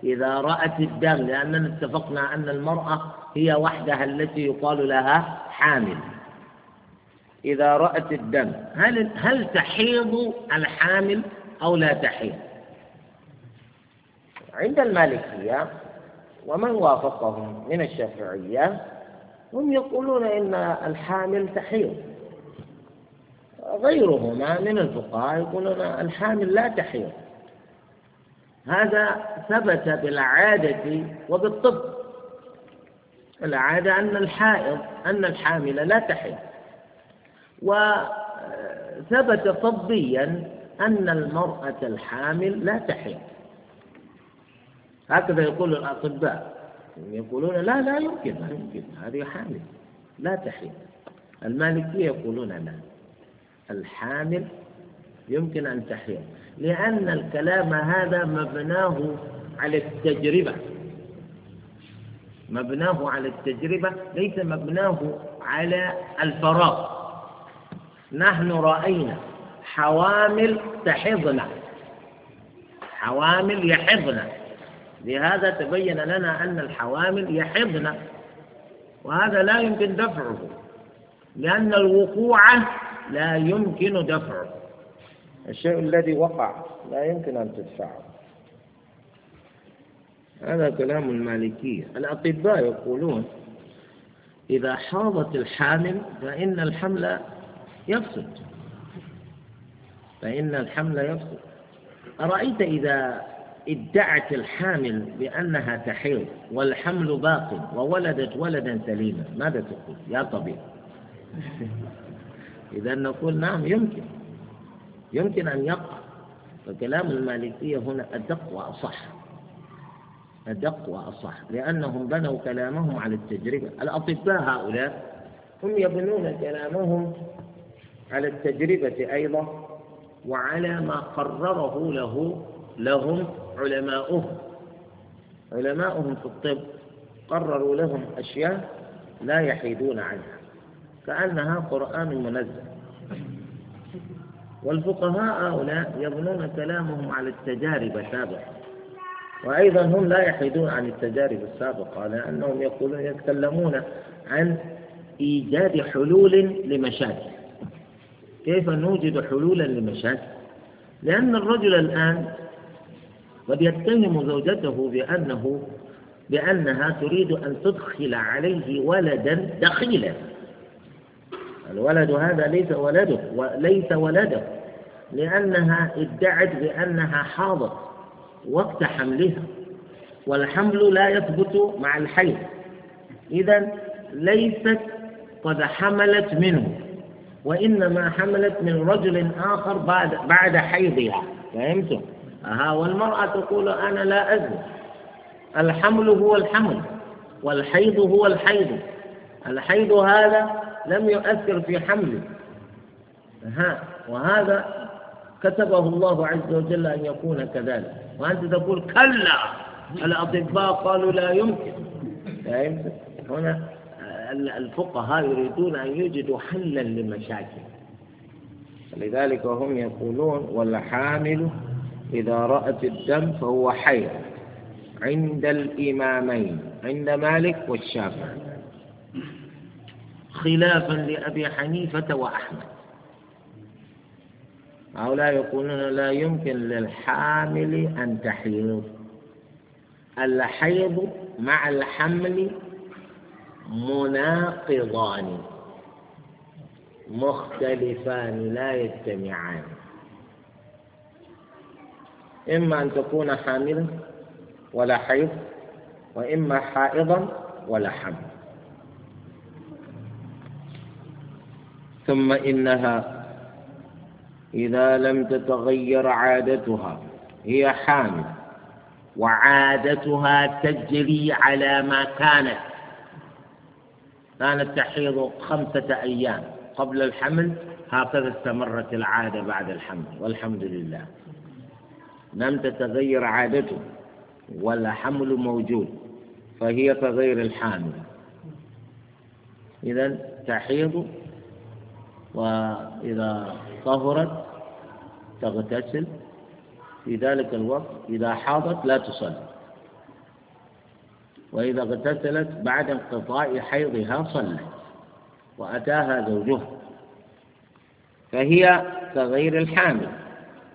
إذا رأت الدم لأننا اتفقنا أن المرأة هي وحدها التي يقال لها حامل إذا رأت الدم هل هل تحيض الحامل أو لا تحيض؟ عند المالكية ومن وافقهم من الشافعية هم يقولون إن الحامل تحيض غيرهما من الفقهاء يقولون الحامل لا تحيض هذا ثبت بالعادة وبالطب العادة أن الحائض أن الحامل لا تحيض وثبت طبيا أن المرأة الحامل لا تحيض هكذا يقول الأطباء يقولون لا لا يمكن لا يمكن هذه حامل لا تحيض المالكية يقولون لا الحامل يمكن أن تحيض لأن الكلام هذا مبناه على التجربة مبناه على التجربة ليس مبناه على الفراغ نحن رأينا حوامل تحضنا حوامل يحضنا لهذا تبين لنا أن الحوامل يحضنا وهذا لا يمكن دفعه لأن الوقوع لا يمكن دفعه الشيء الذي وقع لا يمكن أن تدفعه هذا كلام المالكية الأطباء يقولون إذا حاضت الحامل فإن الحمل يفسد فإن الحمل يفسد أرأيت إذا ادعت الحامل بأنها تحيض والحمل باق وولدت ولدا سليما ماذا تقول يا طبيب إذا نقول نعم يمكن يمكن أن يقع فكلام المالكية هنا أدق وأصح أدق وأصح لأنهم بنوا كلامهم على التجربة الأطباء هؤلاء هم يبنون كلامهم على التجربة أيضا وعلى ما قرره له لهم علماؤهم علماؤهم في الطب قرروا لهم أشياء لا يحيدون عنها كأنها قرآن منزل والفقهاء هؤلاء يبنون كلامهم على التجارب السابقة وأيضا هم لا يحيدون عن التجارب السابقة لأنهم يقولون يتكلمون عن إيجاد حلول لمشاكل كيف نوجد حلولا لمشاكل لأن الرجل الآن قد يتهم زوجته بأنه بأنها تريد أن تدخل عليه ولدا دخيلا الولد هذا ليس ولده وليس ولده لأنها ادعت بأنها حاضر وقت حملها والحمل لا يثبت مع الحيض إذا ليست قد حملت منه وإنما حملت من رجل آخر بعد بعد حيضها فهمتم؟ أها والمرأة تقول أنا لا أزني الحمل هو الحمل والحيض هو الحيض الحيض هذا لم يؤثر في حمله وهذا كتبه الله عز وجل أن يكون كذلك وأنت تقول كلا الأطباء قالوا لا يمكن لا يمكن هنا الفقهاء يريدون أن يجدوا حلا لمشاكل لذلك هم يقولون والحامل إذا رأت الدم فهو حي عند الإمامين عند مالك والشافعي خلافا لأبي حنيفة وأحمد هؤلاء يقولون لا يمكن للحامل أن تحيض الحيض مع الحمل مناقضان مختلفان لا يجتمعان إما أن تكون حاملا ولا حيض وإما حائضا ولا حمل ثم إنها إذا لم تتغير عادتها هي حامل وعادتها تجري على ما كانت كانت تحيض خمسة أيام قبل الحمل هكذا استمرت العادة بعد الحمل والحمد لله لم تتغير عادته ولا حمل موجود فهي كغير الحامل إذا تحيض وإذا طهرت تغتسل في ذلك الوقت إذا حاضت لا تصلي وإذا اغتسلت بعد انقضاء حيضها صلت وأتاها زوجها فهي كغير الحامل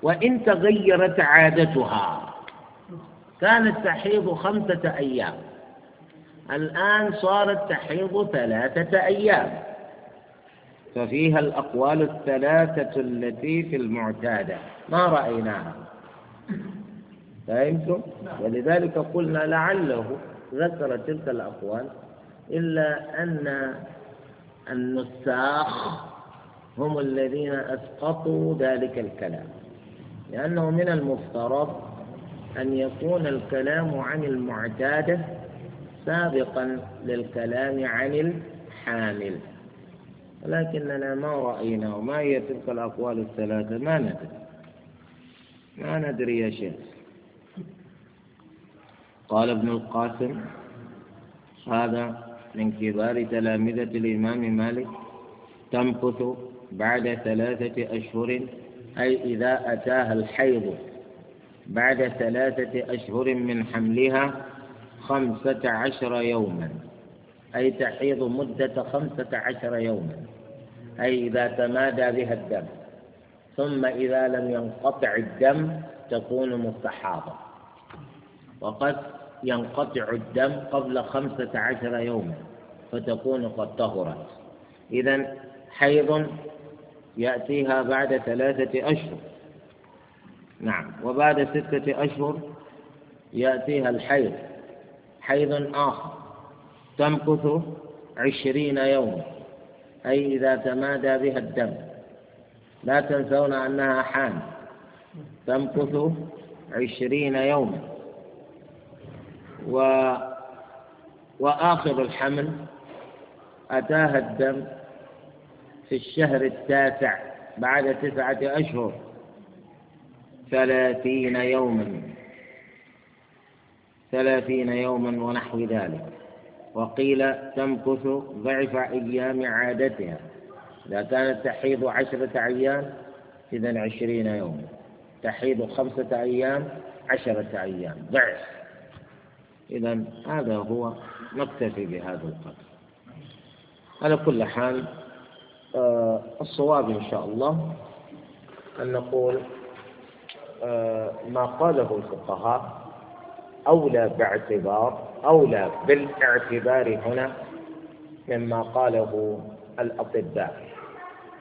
وإن تغيرت عادتها كانت تحيض خمسة أيام الآن صارت تحيض ثلاثة أيام ففيها الأقوال الثلاثة التي في المعتادة ما رأيناها فهمتم؟ ولذلك قلنا لعله ذكر تلك الأقوال إلا أن النساخ هم الذين أسقطوا ذلك الكلام لأنه من المفترض أن يكون الكلام عن المعتادة سابقا للكلام عن الحامل ولكننا ما رأينا وما هي تلك الأقوال الثلاثة ما ندري ما ندري يا شيخ قال ابن القاسم هذا من كبار تلامذة الإمام مالك تمكث بعد ثلاثة أشهر أي إذا أتاها الحيض بعد ثلاثة أشهر من حملها خمسة عشر يوما أي تحيض مدة خمسة عشر يوما أي إذا تمادى بها الدم ثم إذا لم ينقطع الدم تكون مستحاضة وقد ينقطع الدم قبل خمسة عشر يوما فتكون قد طهرت إذا حيض يأتيها بعد ثلاثة أشهر نعم وبعد ستة أشهر يأتيها الحيض حيض آخر تمكث عشرين يوما أي إذا تمادى بها الدم لا تنسون أنها حام تمكث عشرين يوما و وآخر الحمل أتاها الدم في الشهر التاسع بعد تسعة أشهر ثلاثين يوما ثلاثين يوما ونحو ذلك وقيل تمكث ضعف أيام عادتها إذا كانت تحيض عشرة أيام إذا عشرين يوما تحيض خمسة أيام عشرة أيام ضعف إذا هذا هو نكتفي بهذا القدر على كل حال آه، الصواب إن شاء الله أن نقول آه، ما قاله الفقهاء أولى باعتبار أولى بالاعتبار هنا مما قاله الأطباء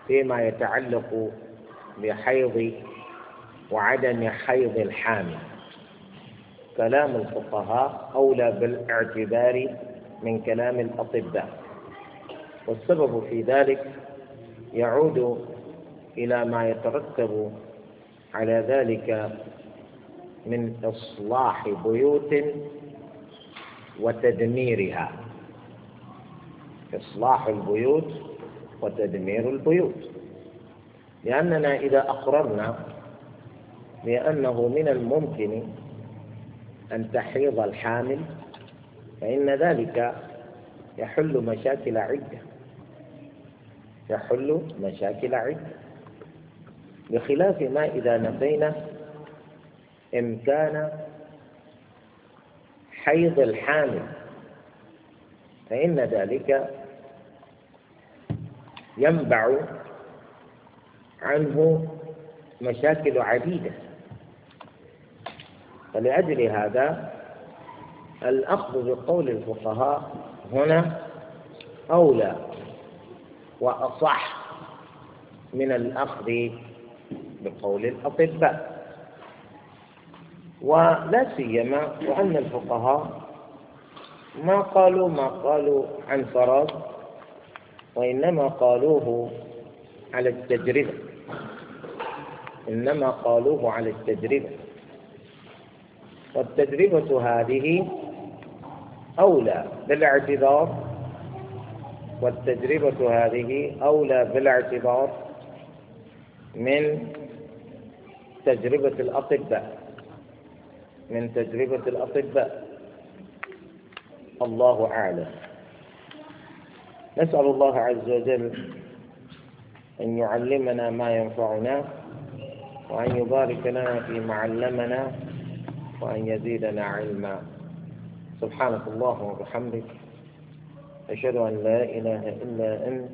فيما يتعلق بحيض وعدم حيض الحامل كلام الفقهاء أولى بالاعتبار من كلام الأطباء والسبب في ذلك يعود إلى ما يترتب على ذلك من إصلاح بيوت وتدميرها إصلاح البيوت وتدمير البيوت لأننا إذا أقررنا بأنه من الممكن أن تحيض الحامل فإن ذلك يحل مشاكل عدة يحل مشاكل عدة بخلاف ما إذا نفينا إمكان حيض الحامل فإن ذلك ينبع عنه مشاكل عديدة فلأجل هذا الأخذ بقول الفقهاء هنا أولى وأصح من الأخذ بقول الأطباء ولا سيما وأن الفقهاء ما قالوا ما قالوا عن فراغ وإنما قالوه على التجربة إنما قالوه على التجربة والتجربة هذه أولى بالاعتذار والتجربة هذه أولى بالاعتبار من تجربة الأطباء من تجربة الأطباء الله أعلم نسأل الله عز وجل أن يعلمنا ما ينفعنا وأن يبارك لنا فيما علمنا وأن يزيدنا علما سبحانك الله وبحمدك أشهد أن لا إله إلا أنت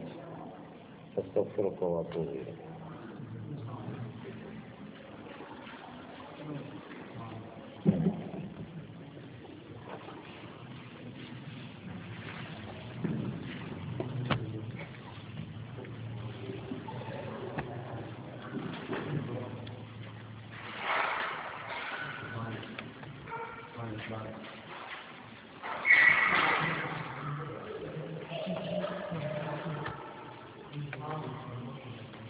أستغفرك وأتوب إليك